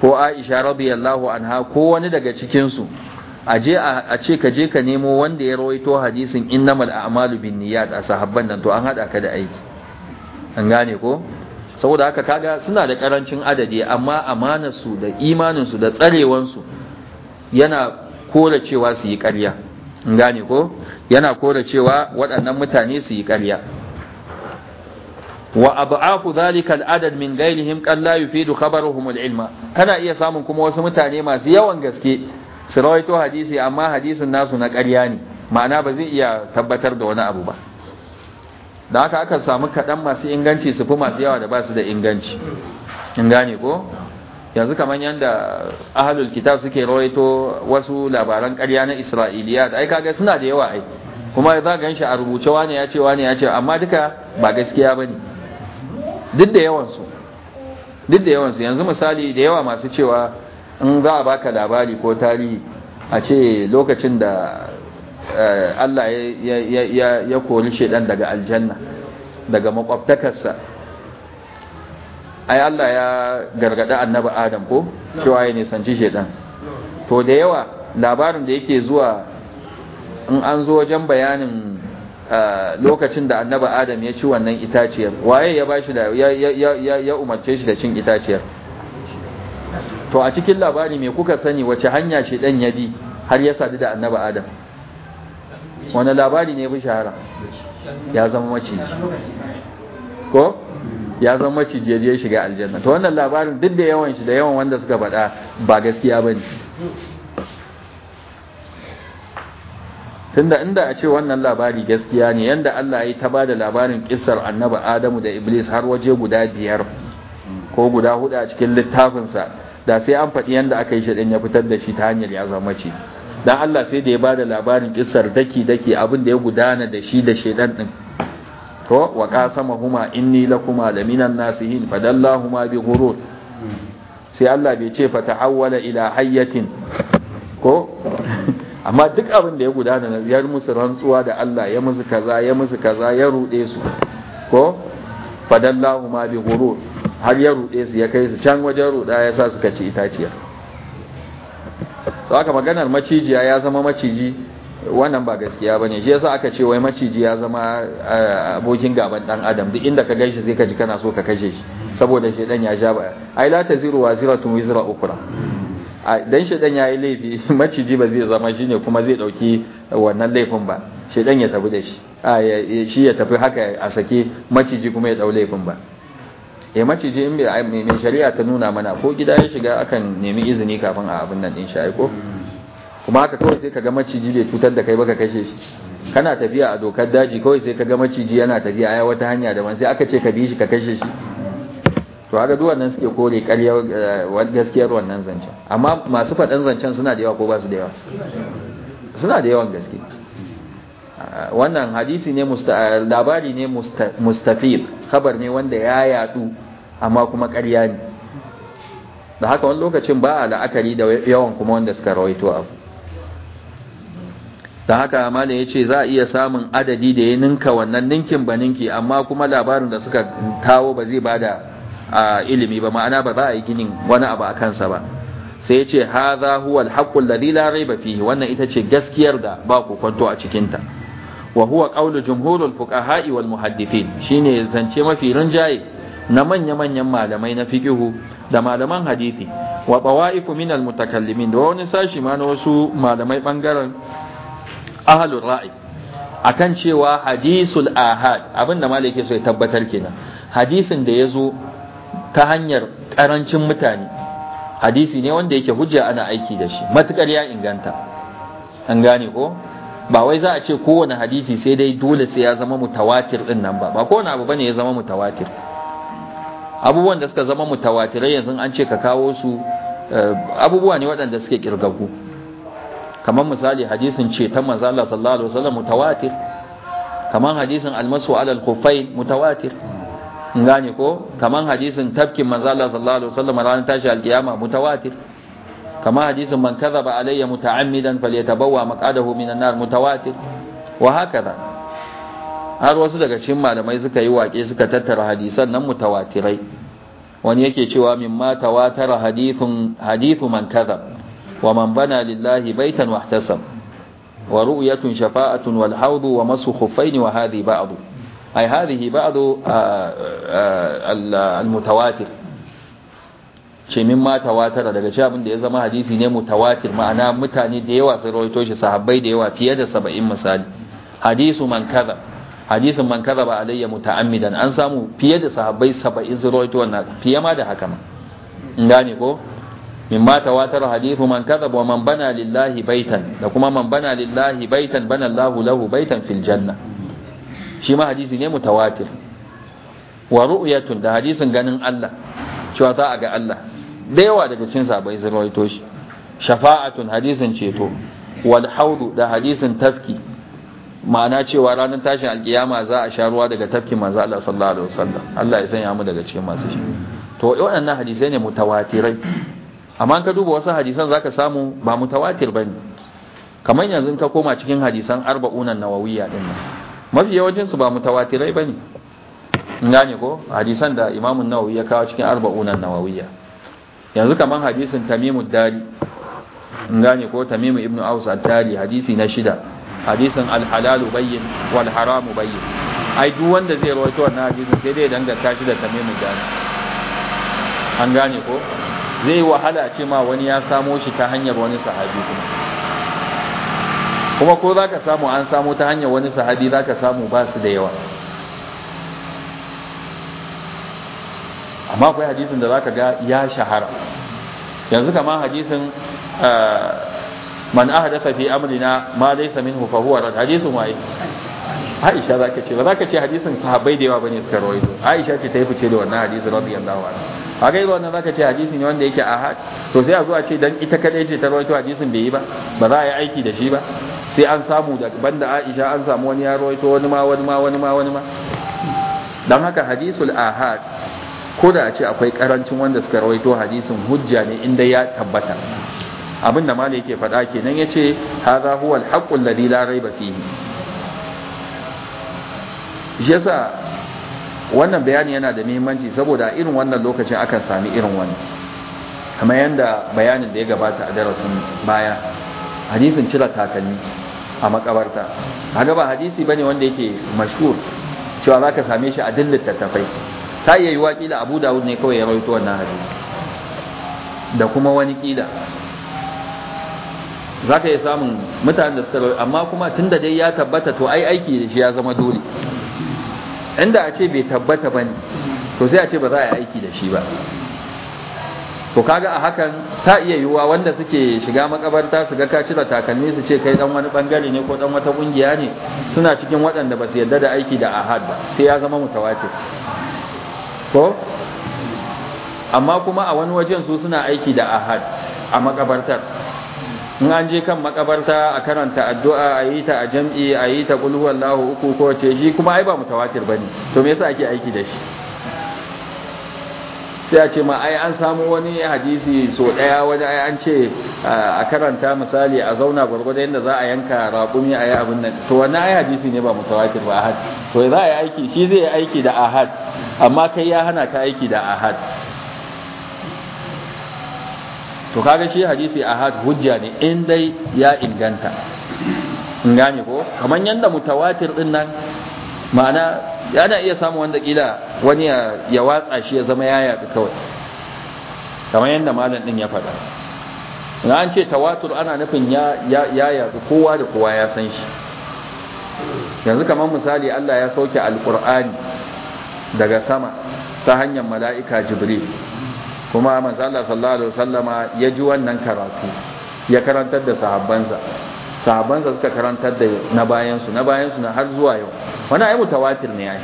ko aisha radiyallahu anha ko wani daga cikinsu a a ce ka je ka nemo wanda ya rawaito hadisin innamal a'malu bin a sahabban nan to an hada ka da aiki an gane ko saboda haka kaga suna da karancin adadi amma amanar su da imanin su da tsarewan su yana kore cewa su yi ƙarya an gane ko yana kore cewa waɗannan mutane su yi ƙarya wa abu'afu zalika al'adad min gailihim qad la yufidu khabaruhum al-ilma kana iya samun kuma wasu mutane masu yawan gaske su rawaito hadisi amma hadisin nasu na ƙarya ne ma'ana ba zai iya tabbatar da wani abu ba da haka aka samu kaɗan masu inganci su fi masu yawa da ba su da inganci in gane ko yanzu kamar yadda ahalul kitab suke rawaito wasu labaran ƙarya na isra'iliya da ai kaga suna da yawa ai kuma za gan shi a rubuce wani ya ce wani ya ce amma duka ba gaskiya ba ne duk da yawansu duk da yawansu yanzu misali da yawa masu cewa in za a baka labari ko tarihi a ce lokacin da eh, Allah ya kori shaidan daga aljanna daga makwabtakarsa ai Allah ya gargada annabi Adam ko cewa ya nisanci shaidan to da yawa labarin da yake zuwa in an zo wajen bayanin lokacin da annaba adam ya ci wannan itaciyar waye ya bashi da ya umarce shi da cin itaciyar to a cikin labari me kuka sani wace hanya ce dan ya bi har ya sadu da annaba adam wani labari ne bi shahara ya zama maciji ko ya zama maciji ya shiga aljanna to wannan labarin duk da yawan shi da yawan wanda suka faɗa ba gaskiya bane tunda inda a ce wannan labari gaskiya ne yanda Allah ya ta bada labarin kissar annabi Adamu da Iblis har waje guda biyar ko guda hudu a cikin littafinsa da sai an faɗi yanda aka yi shi ya fitar da shi ta hanyar ya zama ce dan Allah sai da ya bada labarin kissar daki daki abin da ya gudana da shi da shedan din to wa huma inni lakuma laminan nasihin fadallahuma bi ghurur sai Allah bai ce fatahawwala ila hayyatin amma duk abin da ya gudana na ziyar musu rantsuwa da Allah ya musu kaza ya musu kaza ya rude su ko fadallahu ma bi ghurur har ya rude su ya kai su can wajen ruda ya sa suka ci itaciyar saboda maganar macijiya ya zama maciji wannan ba gaskiya bane shi yasa aka ce wai maciji ya zama eh, abokin gaban dan adam duk inda ka ganshi sai ka ji kana so ka kashe shi saboda shedan ya sha ba ai la taziru waziratun wizra ukra dan shedan yi laifi (laughs) maciji ba zai zama shine kuma zai dauki wannan laifin ba shedan ya tafi da shi shi ya tafi haka a sake maciji kuma ya dau laifin ba eh maciji in mai shari'a ta nuna mana ko gida ya shiga akan nemi izini kafin a abin nan din shi aiko kuma haka kawai sai kaga maciji bai cutar da kai ba ka kashe shi kana tafiya a dokar daji kawai sai kaga maciji yana tafiya a wata hanya daban sai aka ce ka bi shi ka kashe shi to haka duk wannan suke kore ƙaryar eh, gaskiyar wannan zancen amma masu faɗin zancen suna da yawa ko ba su da yawa suna da yawan gaske ah, wannan hadisi ne ah, labari ne mustafil khabar ne wanda ya yadu amma kuma ƙarya ne da haka wani lokacin ba a la'akari da yawan kuma wanda suka rawaito abu da haka ne ya ce za a iya samun adadi da ya ninka wannan ninkin ba ninki amma kuma labarin da suka kawo ba zai ba da A ilimi ba ma'ana ba za a yi ginin wani abu a kansa ba sai ya ce haza huwa alhaqqul ladhi la rayba fihi wannan ita ce gaskiyar da ba ku kwanto a cikin ta wa huwa qawlu jumhurul fuqaha'i wal muhaddithin shine zance mafi rinjaye na manya manyan malamai na fiqhu da malaman hadisi wa tawa'ifu min al mutakallimin da wani sashi ma na wasu malamai bangaren ahlur ra'i akan cewa hadisul ahad abinda malike so ya tabbatar kenan hadisin da ya zo. ta hanyar ƙarancin mutane hadisi ne wanda yake hujja ana aiki da shi matukar ya inganta an gane ko ba wai za a ce kowane hadisi sai dai dole sai ya zama mutawatir din nan ba ba kowane abu bane ya zama mutawatir abubuwan da suka zama mutawatirai yanzu an ce ka kawo su eh, abubuwa ne waɗanda suke kirgagu kamar misali hadisin ce ta manzo sallallahu alaihi wasallam mutawatir kamar hadisin almasu alal kufai mutawatir in gane ko kaman hadisin tafkin manzo Allah sallallahu alaihi wasallam ranar tashi alkiyama mutawatir kama hadisin man kadhaba alayya muta'ammidan falyatabawwa maq'adahu minan nar mutawatir wa hakaza har wasu daga cikin malamai suka yi waƙe suka tattara hadisan nan mutawatirai wani yake cewa ma tawatara hadithun hadithu man kadhab wa man bana lillahi baitan wahtasab wa ru'yatun shafa'atun wal hawdu wa masu khuffaini wa hadhi ba'du أي هذه بعض المتواتر ce min ma tawatara daga shi abin da ya zama hadisi ne mutawatir ma'ana mutane da yawa sun rawaito shi sahabbai da yawa fiye da 70 misali hadisu man kaza hadisin man kaza ba alayya muta'ammidan an samu fiye da sahabbai 70 sun rawaito wannan fiye ma da haka ma in gane ko min ma tawatara hadisu man kaza wa man bana lillahi baitan da kuma man bana lillahi baitan bana Allahu lahu baitan fil janna shi ma hadisi ne mutawatir wa ru'yatun da hadisin ganin Allah cewa za a ga Allah da yawa daga cikin sabai sun rawaito shi shafa'atun hadisin ceto wal haudu da hadisin tafki ma'ana cewa ranar tashin alkiyama za a sha ruwa daga tafkin manzo Allah sallallahu alaihi wasallam Allah ya sanya mu daga cikin masu shi to waɗannan hadisai ne mutawatirai amma ka duba wasu hadisan zaka samu ba mutawatir bane kamar yanzu ka koma cikin hadisan arba'unan nawawiyya din nan mafi su ba mutawatirai bane. ne gane ko hadisan da imamu nawawi ya kawo cikin arba'unan nawawiya yanzu kamar hadisin tamimu dari gane ko tamimu ibnu aus at-tari hadisi na shida hadisin al-halalu bayyin wal haramu bayyin ai duk wanda zai rawaito wannan hadisin sai dai danganta shi da tamimu dari an gane ko zai wahala ce ma wani ya samo shi ta hanyar wani sahabi kuma kuma ko za ka samu an samu ta hanyar wani sahabi za ka samu ba su da yawa amma akwai hadisin da za ka ga ya shahara yanzu kama hadisin ah, man dafa fi amurina ma dai samin fa huwa rad waye Aisha za ka ce ba za ka ce hadisin sahabai da yawa ba ne suka rawaito Aisha ce ta yi fice da wannan hadisi radiyallahu anha haka yayin wannan za ka ce hadisin ne wanda yake ahad to sai a zuwa ce dan ita kadai ce ta rawaito hadisin bai yi ba ba za a yi aiki da shi ba sai an samu da banda Aisha an samu wani ya rawaito wani ma wani ma wani ma wani ma dan haka hadisul ahad ko da a ce akwai karancin wanda suka rawaito hadisin hujja ne inda ya tabbata abin da malai yake faɗa kenan yace hadha huwa alhaqqu alladhi la rayba fihi yasa wannan bayani yana da muhimmanci saboda a irin wannan lokacin akan sami irin wani kamar yanda bayanin da ya gabata a darasin baya hadisin cire takalmi a makabarta Haga ba hadisi bane wanda yake mashhur cewa zaka same shi a dillin tattafai ta iya yiwa kila Abu Dawud ne kawai ya rawaito wannan hadisi da kuma wani kila zaka iya samun mutanen da suka amma kuma tunda dai ya tabbata to ai aiki da shi ya zama dole inda a ce bai tabbata bane to sai a ce ba za a yi aiki da shi ba to kaga a hakan ta iya yiwuwa wanda suke shiga makabarta su ga ka cire takalmi su ce kai dan wani bangare ne ko dan wata kungiya ne suna cikin waɗanda ba su yarda da aiki da ahad ba sai ya zama mutawatir ko amma kuma a wani wajen su suna aiki da ahad a makabartar in an je kan makabarta a karanta addu'a a yi ta a jam'i a yi ta kulhuwallahu uku ko ce shi kuma ai ba mutawatir bane to me yasa ake aiki da shi sai a ce ma ai an samu wani hadisi so daya waje ai an ce a karanta misali a zauna gurgurda inda za a yanka raƙumi a yi abin nan to wannan ai hadisi ne ba mutawatir ba ahad to za a yi aiki shi zai yi aiki da ahad amma kai ya hana ka aiki da ahad to kaga shi hadisi ahad hujja ne in dai ya inganta in gane ko kamar yanda mutawatir din nan ma'ana ya na iya samu wanda kila wani ya watsa shi ya zama yaya da kawai kamar yadda malam ɗin ya faɗa na an ce tawatur ana nufin ya yaɗu kowa da kowa ya san shi yanzu kamar misali Allah ya sauke alkur'ani daga sama ta hanyar mala'ika jibril kuma manzo Allah sallallahu alaihi wasallama ya ji wannan karatu ya karantar da sahabbansa sa suka karantar da na bayansu na bayansu na har zuwa yau wani ayi mutawatir ne ai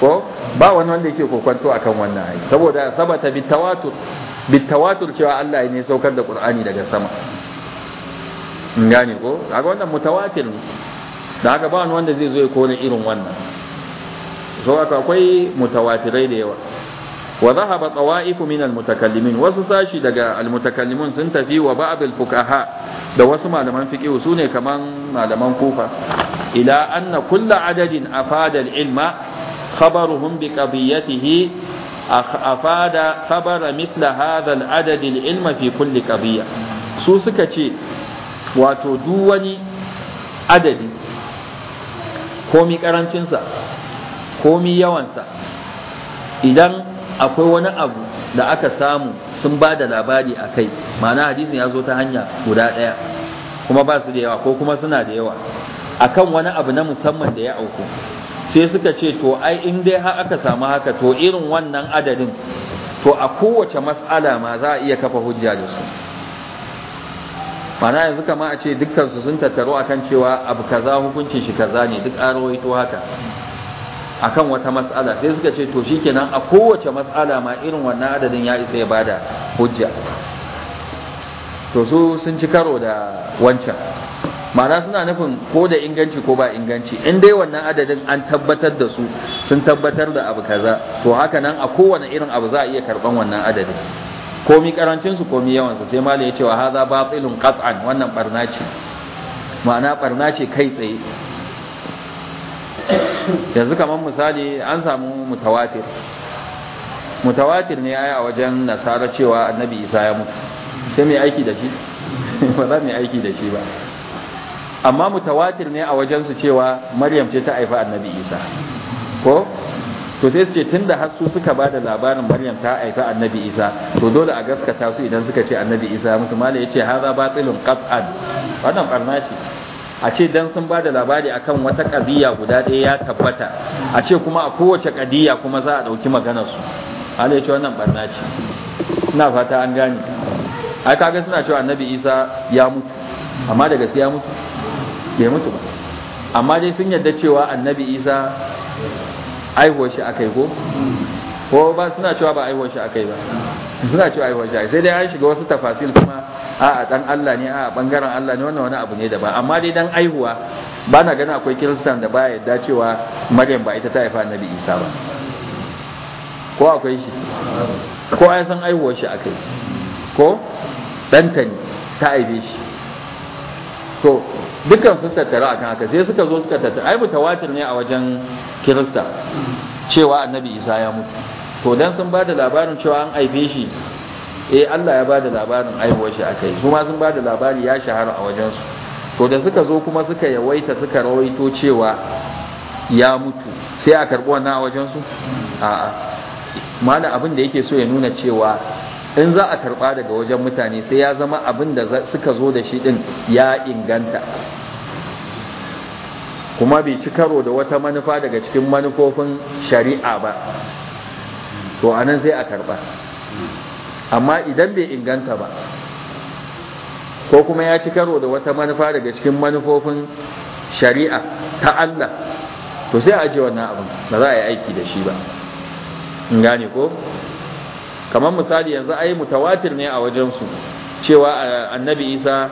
ko ba wani wanda yake kokwanto akan wannan ayi saboda sabata bi tawatur cewa Allah ne saukar da Qur'ani daga sama in gane ko kaga wannan mutawatir ne da haka ba wani wanda zai zo ya kone irin wannan so akwai mutawatirai da yawa wa zahaba tsawa'iku min almutakallimin wasu sashi daga almutakallimin sun tafi wa ba'd alfuqaha da wasu malaman fiqh sune kaman malaman kufa ila anna kullu adadin afada alilma khabaruhum bi qadiyatihi afada khabara mithla hadha aladad alilma fi kulli qadiyya su suka ce wato duk wani adadi komi karancinsa komi yawansa idan akwai wani abu da aka samu sun ba da labari a kai ma'ana hadisin ya zo ta hanya guda ɗaya kuma ba su da yawa ko kuma suna da yawa A kan wani abu na musamman da ya auku sai suka ce to ai in dai har aka samu haka to irin wannan adadin to a kowace mas'ala ma za a iya kafa hujja da su mana yanzu kama a ce dukkansu sun tattaro akan cewa abu kaza hukuncin shi kaza ne duk an rawaito haka akan wata matsala sai suka ce to shi shikenan a kowace matsala ma irin wannan adadin ya isa ya bada hujja to su sun ci karo da wancan ma'ana suna nufin ko da inganci ko ba inganci in dai wannan adadin an tabbatar da su sun tabbatar da abu kaza to haka nan a kowane irin abu za a iya karban wannan adadin komi karancin su komi yawan su sai malai ya ce wa hadha batilun qat'an wannan barna ce ma'ana barna ce kai tsaye yanzu kamar misali an samu mutawatir mutawatir ne ai a wajen nasara cewa annabi isa ya mutu sai mai aiki da shi (laughs) ba za mai aiki da shi ba amma mutawatir ne a wajen su cewa maryam ce ta haifa annabi isa ko to sai su ce tun da su suka ba da labarin maryam ta haifa annabi isa to dole a gaskata su idan suka ce annabi isa ya mutu mala ya ce haza batsilin qat'an wannan barna ce a ce dan sun ba da labari akan wata ƙadiyya guda ɗaya ya tabbata a ce kuma a kowace kadiya kuma za a ɗauki maganarsu. su ya ce wannan barna ce ina fata an gane ai kaga suna cewa annabi Isa ya mutu amma da ya mutu bai mutu ba amma dai sun yarda cewa annabi Isa aihuwar shi a kai, ko ba suna cewa ba aihuwar shi kai ba suna cewa ai jahil sai dai an shiga wasu tafasil kuma a'a dan Allah ne a'a bangaren Allah ne wannan wani abu ne daban amma dai dan aihuwa ba na ganin akwai kiristan da baya yadda cewa maryam ba ita ta haifa annabi isa ba ko akwai shi ko ai san aihuwar shi akai ko dan ta ta aibe shi to dukkan sun tattara akan haka sai suka zo suka tattara ai mutawatir ne a wajen kirista cewa annabi isa ya mutu to dan sun bada labarin cewa an aife shi eh Allah ya bada labarin aihuwar shi akai kuma sun bada labari ya shahara a wajen su to da suka zo kuma suka yawaita suka rawaito cewa ya mutu sai a karbi wannan a wajen su a'a mana abin da yake so ya nuna cewa in za a karba daga wajen mutane sai ya zama abin da suka zo da shi din ya inganta kuma bai ci karo da wata manufa daga cikin manufofin shari'a ba to a nan sai a karba amma idan bai inganta ba ko kuma ya ci karo da wata manufa daga cikin manufofin shari'a ta Allah to sai a ajiye wannan abin ba za a yi aiki da shi ba in gane ko kamar misali yanzu ai mutawatir ne a wajensu cewa annabi isa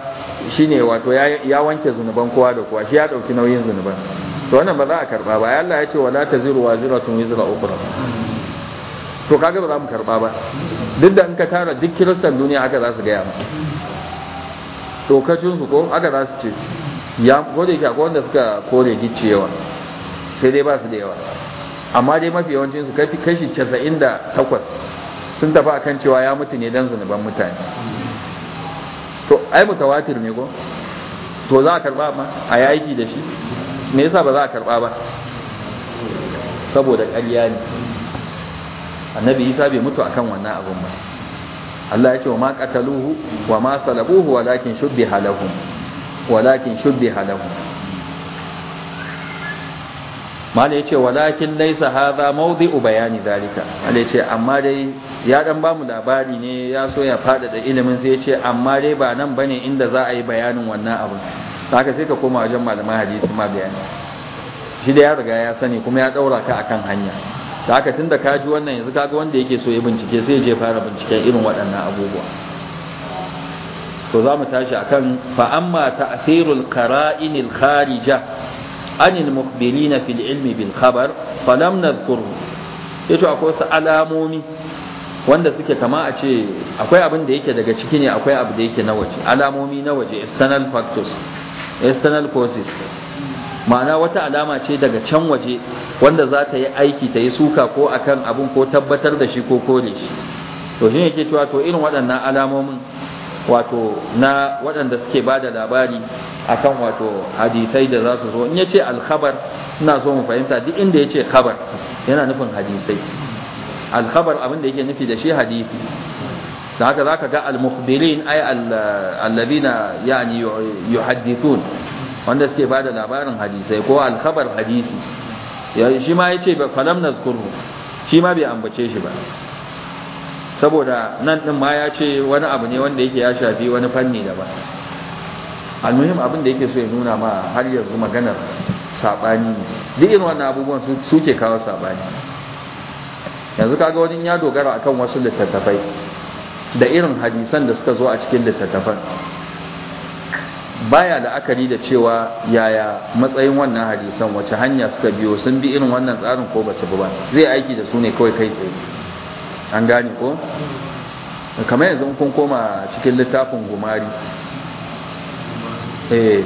shine wato ya wanke zunuban kowa da kowa shi ya ɗauki nauyin zunuban to wannan ba za a karba ba Allah ya ce wala taziru waziratun wizra ukhra to kaga ba za mu karba ba duk da in ka tara duk kiristan duniya aka za su gaya ma dokacin su ko aka za su ce ya kore ka wanda suka kore gicewa sai dai ba su da yawa amma dai mafi yawancin su kafi kashi 98 sun tafi akan cewa ya mutu ne dan zunuban mutane to ai mutawatir ne ko to za a karba ma a yi aiki da shi me yasa ba za a karba ba saboda ƙarya ne annabi isa bai mutu akan wannan abun ba Allah ya ce wa ma qataluhu wa ma salabuhu walakin shubbiha lahum walakin shubbiha lahum mala yace walakin laysa hadha mawdi'u bayani zalika mala yace amma dai ya dan bamu labari ne ya so ya fada da ilimin sai yace amma dai ba nan bane inda za a yi bayanin wannan abu haka sai ka koma wajen malaman hadisi ma bayani shi da ya riga ya sani kuma ya daura ka akan hanya ta haka tun da ka ji wannan yanzu kaga wanda yake so ya bincike sai je fara binciken irin waɗannan abubuwa to za mu tashi akan fa amma ta'thirul qara'inil kharija anil mukhbirina fil ilmi bil khabar falam Ya ce akwai wasu alamomi wanda suke kama a ce akwai abin da yake daga ciki ne akwai abu da yake na waje alamomi na waje external factors external causes ma'ana wata alama ce daga can waje wanda za ta yi aiki ta yi suka ko akan abun ko tabbatar da shi ko kore shi to shi ne ke cewa to irin waɗannan alamomin wato na waɗanda suke ba da labari akan wato hadisai da za su zo in ya ce alkhabar ina so mu fahimta duk inda ya ce khabar yana nufin hadisai alkhabar abin da yake nufi da shi hadisi da haka za ka ga almukhbirin ay al-ladina yani yuhaddithun wanda suke bada labarin hadisai ko alkhabar hadisi shi ma ya ce ba falam nazkuru shi ma bai ambace shi ba saboda nan din ma ya ce wani abu ne wanda yake ya shafi wani fanni daban almuhim abin da yake so ya nuna ma har yanzu maganar sabani duk irin wannan abubuwan su suke kawo sabani yanzu kaga wani ya dogara akan wasu littattafai da irin hadisan da suka zo a cikin littattafan baya la'akari da cewa yaya matsayin wannan hadisan wace hanya suka biyo sun bi irin wannan tsarin ko ba su bi ba zai aiki da su ne kawai kai tsaye an gane ko kamar yanzu kun koma cikin littafin gumari eh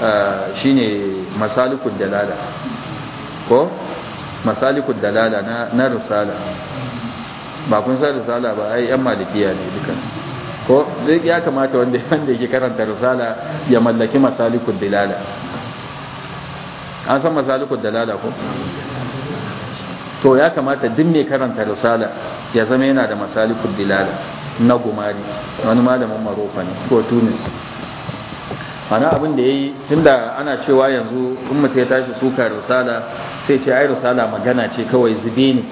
ah, ne Masalikun dalala ko Masalikun dalala na risala ba kun san risala ba ai yan malikiya ne dukan duk ya kamata wanda wanda yake karanta risala ya mallaki masalikul Dalala? an san masalikul Dalala ko to ya kamata duk mai karanta risala ya zama yana da masalikul Dalala na gumari wani malamin maroko ne ko tunis ana abin da ya yi tunda ana cewa yanzu in mutum ya tashi suka risala sai ce ai risala magana ce kawai zube ne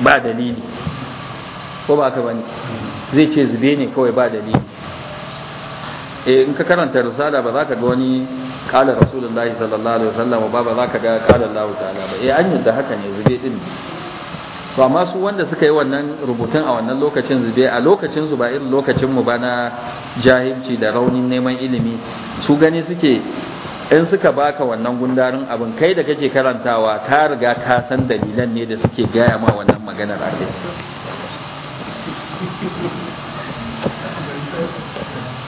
ba dalili ko ba ka bane zai ce zube ne kawai ba dalili E in ka karanta risala ba za ka ga wani kala rasulullahi sallallahu alaihi wasallam ba ba za ka ga kala Allah ta'ala ba E an da haka ne zube din to amma su wanda suka yi wannan rubutun a wannan lokacin zube a lokacin su ba irin lokacin mu ba na jahilci da raunin neman ilimi su gani suke in suka baka wannan gundarin abin kai da kake karantawa ka riga ka san dalilan ne da suke gaya ma wannan maganar a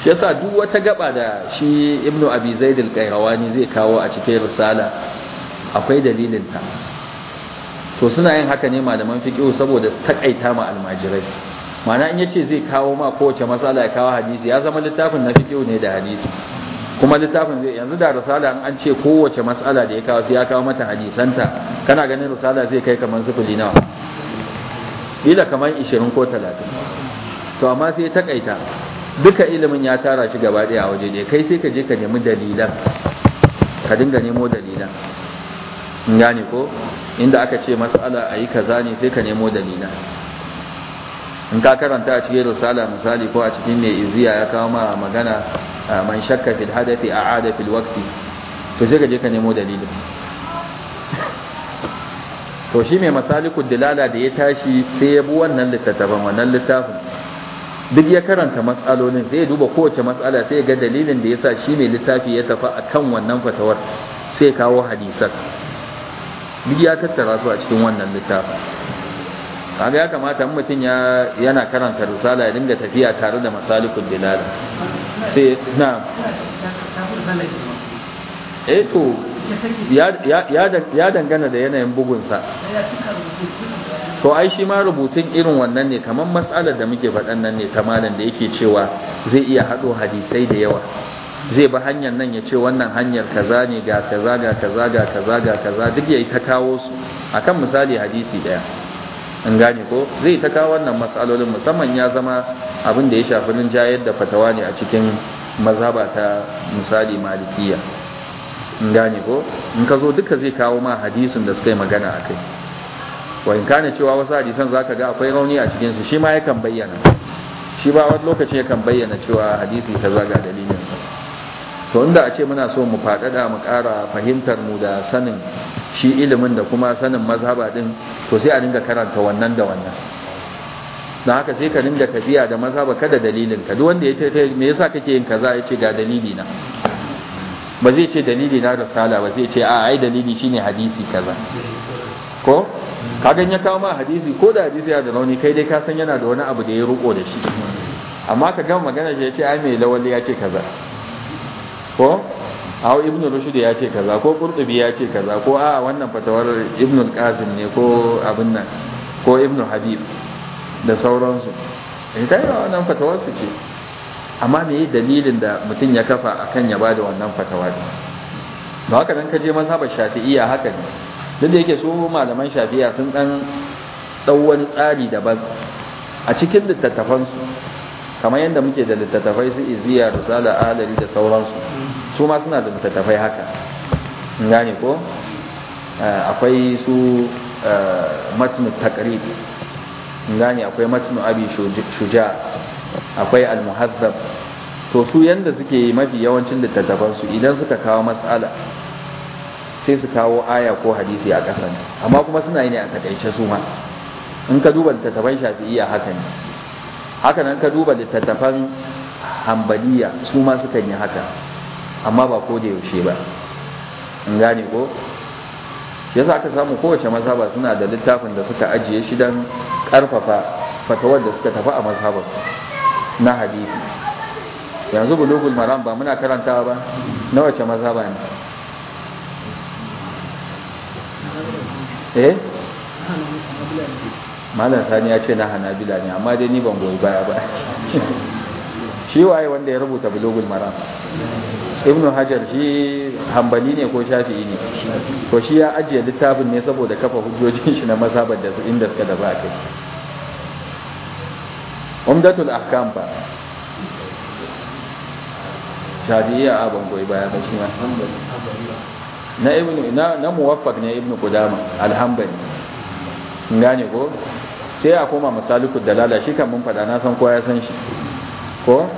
shi yasa duk wata gaba da shi ibnu abi zaid al-qayrawani zai kawo a cikin risala akwai dalilin ta to suna yin haka ne malaman fiqh saboda takaita ma almajirai mana in yace zai kawo ma kowace masala ya kawo hadisi ya zama littafin na fiqh ne da hadisi kuma littafin zai yanzu da risala an ce kowace masala da ya kawo sai ya kawo mata hadisanta kana ganin risala zai kai kamar sifili nawa ila kamar ishirin ko talatin, to amma sai ta kaita duka ilimin ya tara shi gaba daya a waje ne kai sai ka je ka nemi dalilan ka dinga nemo dalilan in gane ko inda aka ce mas'ala yi kaza ne sai ka nemo dalilan in ka karanta a cikin risala misali ko a cikin mai iziya ya kawo ma magana ah, man shakka fil hadafi a'ada fil waqti to sai ka je ka nemo dalilin to shi mai masalikun dilala da ya tashi sai ya bi wannan littattafan wannan littafin duk ya karanta matsalolin sai ya duba kowace matsala sai ya ga dalilin da yasa shi mai littafi ya tafi akan wannan fatawar sai ya kawo hadisan duk ya tattara su a cikin wannan littafin kaga ya kamata in mutum yana karanta risala ya dinga tafiya tare da masalikun dilala sai na eh ya dangana da yanayin bugunsa to ai shi ma rubutun irin wannan ne kamar matsalar da muke faɗan nan ne ta malam da yake cewa zai iya haɗo hadisai da yawa zai ba hanyar nan ya ce wannan hanyar kaza ne ga kaza ga kaza ga kaza ga kaza duk ya yi ta kawo su a kan misali hadisi daya an gane ko zai ta kawo wannan matsalolin musamman ya zama abin da ya shafi rinjayar da fatawa ne a cikin mazhaba ta misali malikiya in gane ko in ka zo duka zai kawo ma hadisin da suka yi magana a kai wa in kane cewa wasu hadisan za ka ga akwai rauni a cikinsu shi ma yakan bayyana shi ba wani lokaci yakan bayyana cewa hadisi ka zaga dalilinsa to inda a ce muna so mu faɗaɗa mu kara fahimtar mu da sanin shi ilimin da kuma sanin mazhaba ɗin to sai a dinga karanta wannan da wannan don haka sai ka dinga tafiya da mazhaba kada dalilin ka duk wanda ya tafi me yasa kake yin kaza ya ce ga dalili na ba zai ce dalili na risala ba zai ce a ai dalili shine hadisi kaza ko gan ya kawo ma hadisi ko da hadisi ya da rauni kai dai ka san yana da wani abu da ya ruko da shi amma ka gama magana shi ya ce ai mai lawali ya ce kaza ko aw ibnu rushd ya ce kaza ko qurtubi ya ce kaza ko a wannan fatawar ibnu qazim ne ko abin nan ko ibnu habib da sauransu idan eh, kai wannan fatawar su ce amma me yi dalilin da mutum ya kafa akan ya bada wannan fatawa din ba haka nan kaje mazhabar shafi'iyya haka ne duk da yake su malaman shafi'iyya sun dan dau wani tsari daban a cikin littattafansu kamar yadda muke da littattafai su iziya risala adali da sauransu su ma suna da littattafai haka gane ko eh, akwai su eh, matnu takrib gane akwai matnu abi shuja akwai al-muhazzab to su yanda suke yi mafi yawancin littattafansu su idan suka kawo mas'ala sai su kawo aya ko hadisi a kasan amma kuma suna yi ne a takaice su ma in ka duba littattafan shafi'iyya haka ne haka nan ka duba littattafan hambaliya su ma sukan yi haka amma ba ko da yaushe ba in gane ko yasa aka samu kowace mazhaba suna da littafin da suka ajiye shi don karfafa fatawar da suka tafi a su. na hadithi yanzu bulugul maram ba muna karanta ba na wace ba ne eh sani ya ce na hanabila ne amma dai ni ban goyi baya ba (laughs) shi waye wanda ya rubuta bulugul maram ibnu hajar shi hambali ne ko shafi'i ne to shi ya ajiye littafin ne saboda kafa hujjojin shi na masabar da inda suka da ba kai umdatul ahkam ba shafi'iyya a ah, goyi baya ba shi na ibn na na muwaffaq ne ibnu qudama alhambali ngane ko sai a koma masalikud dalala shi kan mun fada na san kowa ya san shi ko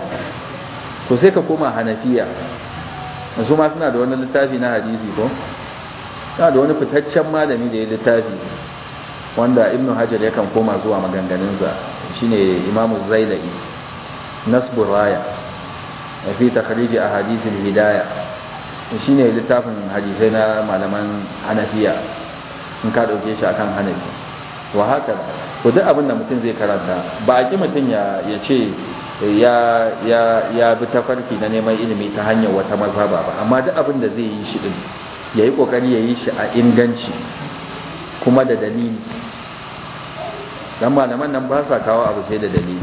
ko sai ka koma hanafiya su ma suna da wani littafi na hadisi ko suna da wani fitaccen malami da ya littafi wanda ibnu hajar yakan koma zuwa maganganunsa shine imamu zailai nasbu raya fi a ahadith al-hidayah shine littafin hadisai na malaman hanafiya in ka dauke shi akan hanafi wa haka ko duk abin da mutum zai karanta ba a ki mutum ya ce ya ya ya bi tafarki na neman ilimi ta hanyar wata mazhaba ba amma duk abin da zai yi shi din yayi kokari yayi shi a inganci kuma da dalili dan malaman nan ba sa kawo abu sai da dalili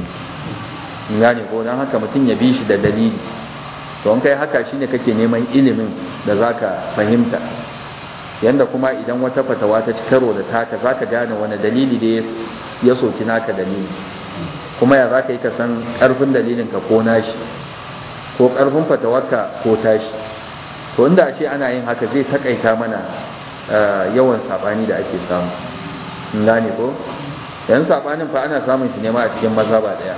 in gane ko dan haka mutum ya bi shi da dalili to in kai haka shine kake neman ilimin da zaka fahimta yanda kuma idan wata fatawa ta ci karo da taka zaka gane wani dalili da ya soki naka dalili kuma ya zaka yi ka san karfin dalilin ka ko nashi ko karfin fatawarka ko tashi to inda a ce ana yin haka zai takaita mana eh, yawan sabani da ake samu gane ko yan sabanin fa ana samun shi ne ma a cikin mazhaba daya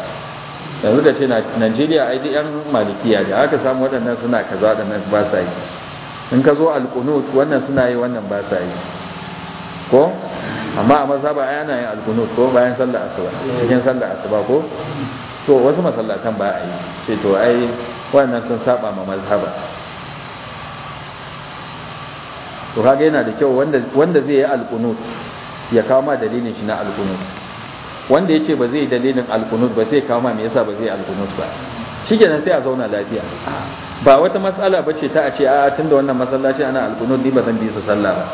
yanzu da ce Najeriya ai yan malikiya da aka samu waɗannan suna kaza da ba sa yi in ka zo alqunut wannan suna yi wannan ba sa yi ko amma a mazhaba ai ana yin alqunut ko bayan sallar asuba cikin sallar asuba ko to wasu masallatan ba a yi ce to ai wannan sun saba ma mazhaba to kage yana da kyau wanda wanda zai yi alqunut ya kama dalilin shi na alkunut wanda ya ce ba zai dalilin alkunut ba sai kama me yasa ba zai alkunut ba shi kenan sai a zauna lafiya ba wata matsala ba ce ta a ce a tun da wannan masallacin ana alkunut ni ba zan bi su sallah ba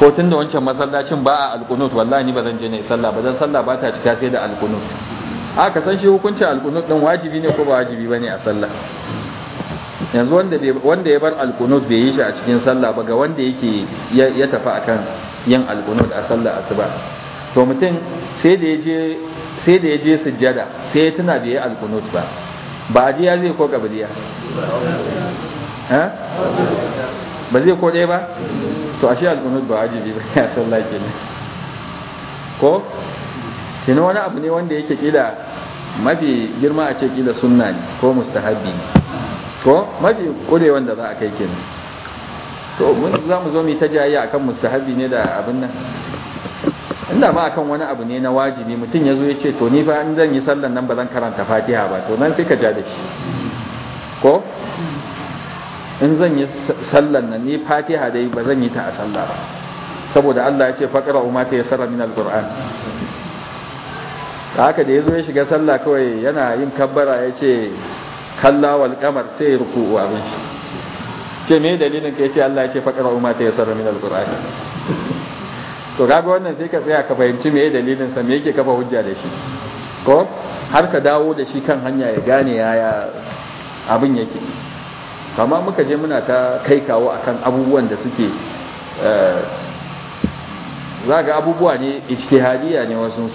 ko tun da wancan masallacin ba a alkunut wallahi ni ba zan je ne sallah ba dan sallah ba ta cika sai da alkunut a ka san shi hukuncin alkunut din wajibi ne ko ba wajibi ne a sallah yanzu wanda ya bar alkunut bai yi shi a cikin sallah ba ga wanda yake ya tafi akan yin alqunut a sallar asuba to mutum sai da ya je sujjada sai ya tuna da ya alqunut ba ba jiya zai ko gabriya ha ba zai ko ɗaya ba to ashe alqunut ba jibi ba ya ke ne, ko kina wani abu ne wanda yake kila mafi girma a ce kila sunna ne ko mustahabbi ne ko mafi kure wanda za a kai kenan to mun za mu zo mu ta jayayya akan mustahabi ne da abin nan inda ma akan wani abu ne na wajibi mutum ya zo ya ce to ni fa in zan yi sallan nan ba zan karanta fatiha ba to nan sai ka ja da shi ko in zan yi sallan nan ni fatiha dai ba zan yi ta a sallah ba saboda Allah ya ce faqra umma ta yassara min alquran haka da yazo ya shiga sallah kawai yana yin kabbara ya ce kalla wal qamar sai ruku'u abin shi ce me dalilin ka yace Allah ya ce faqara umma ta yasarra min alqur'ani to kaga wannan sai ka tsaya ka fahimci me dalilin sa me yake kafa hujja da shi ko har ka dawo da shi kan hanya ya gane yaya abin yake amma muka je muna ta kai kawo akan abubuwan da suke eh, za ga abubuwa ne ijtihadiyya ne wasu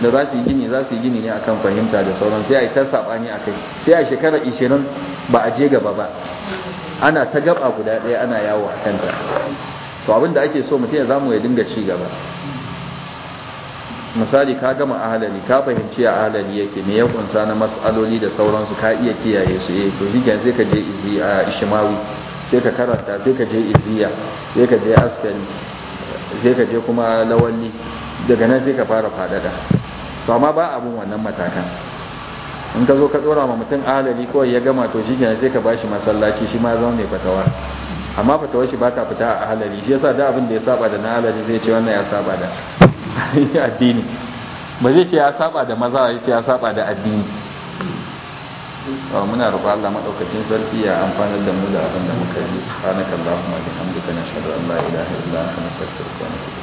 da za su yi gini za su yi gini ne akan fahimta da sauran sai a yi ta sabani kai? sai a shekarar 20 ba a je gaba ba ana ta gaba guda ɗaya ana yawo a kanta to abin ake so mutum ya zamu ya dinga ci gaba misali ka gama ahalari ka fahimci a ahalari yake me ya kunsa na matsaloli da sauransu ka iya kiyaye su eh to shi sai ka je izi a ishimawi sai ka karanta sai ka je iziya sai ka je askari sai ka je kuma lawalli daga nan sai ka fara fadada to amma ba abun wannan matakan in ka zo ka tsora ma mutum alali kawai ya gama to shi shikenan sai ka bashi masallaci shi ma zama mai fatawa amma fatawar shi bata fita a alali shi yasa da abin da ya saba da na alali zai ce wannan ya saba da (laughs) addini ba zai ce ya saba da maza ya ce ya saba da addini muna roƙon Allah madaukakin sarki ya amfanar da mu da abin da muka yi subhanakallahumma bihamdika nashhadu an la ilaha illa anta nastaghfiruka wa natubu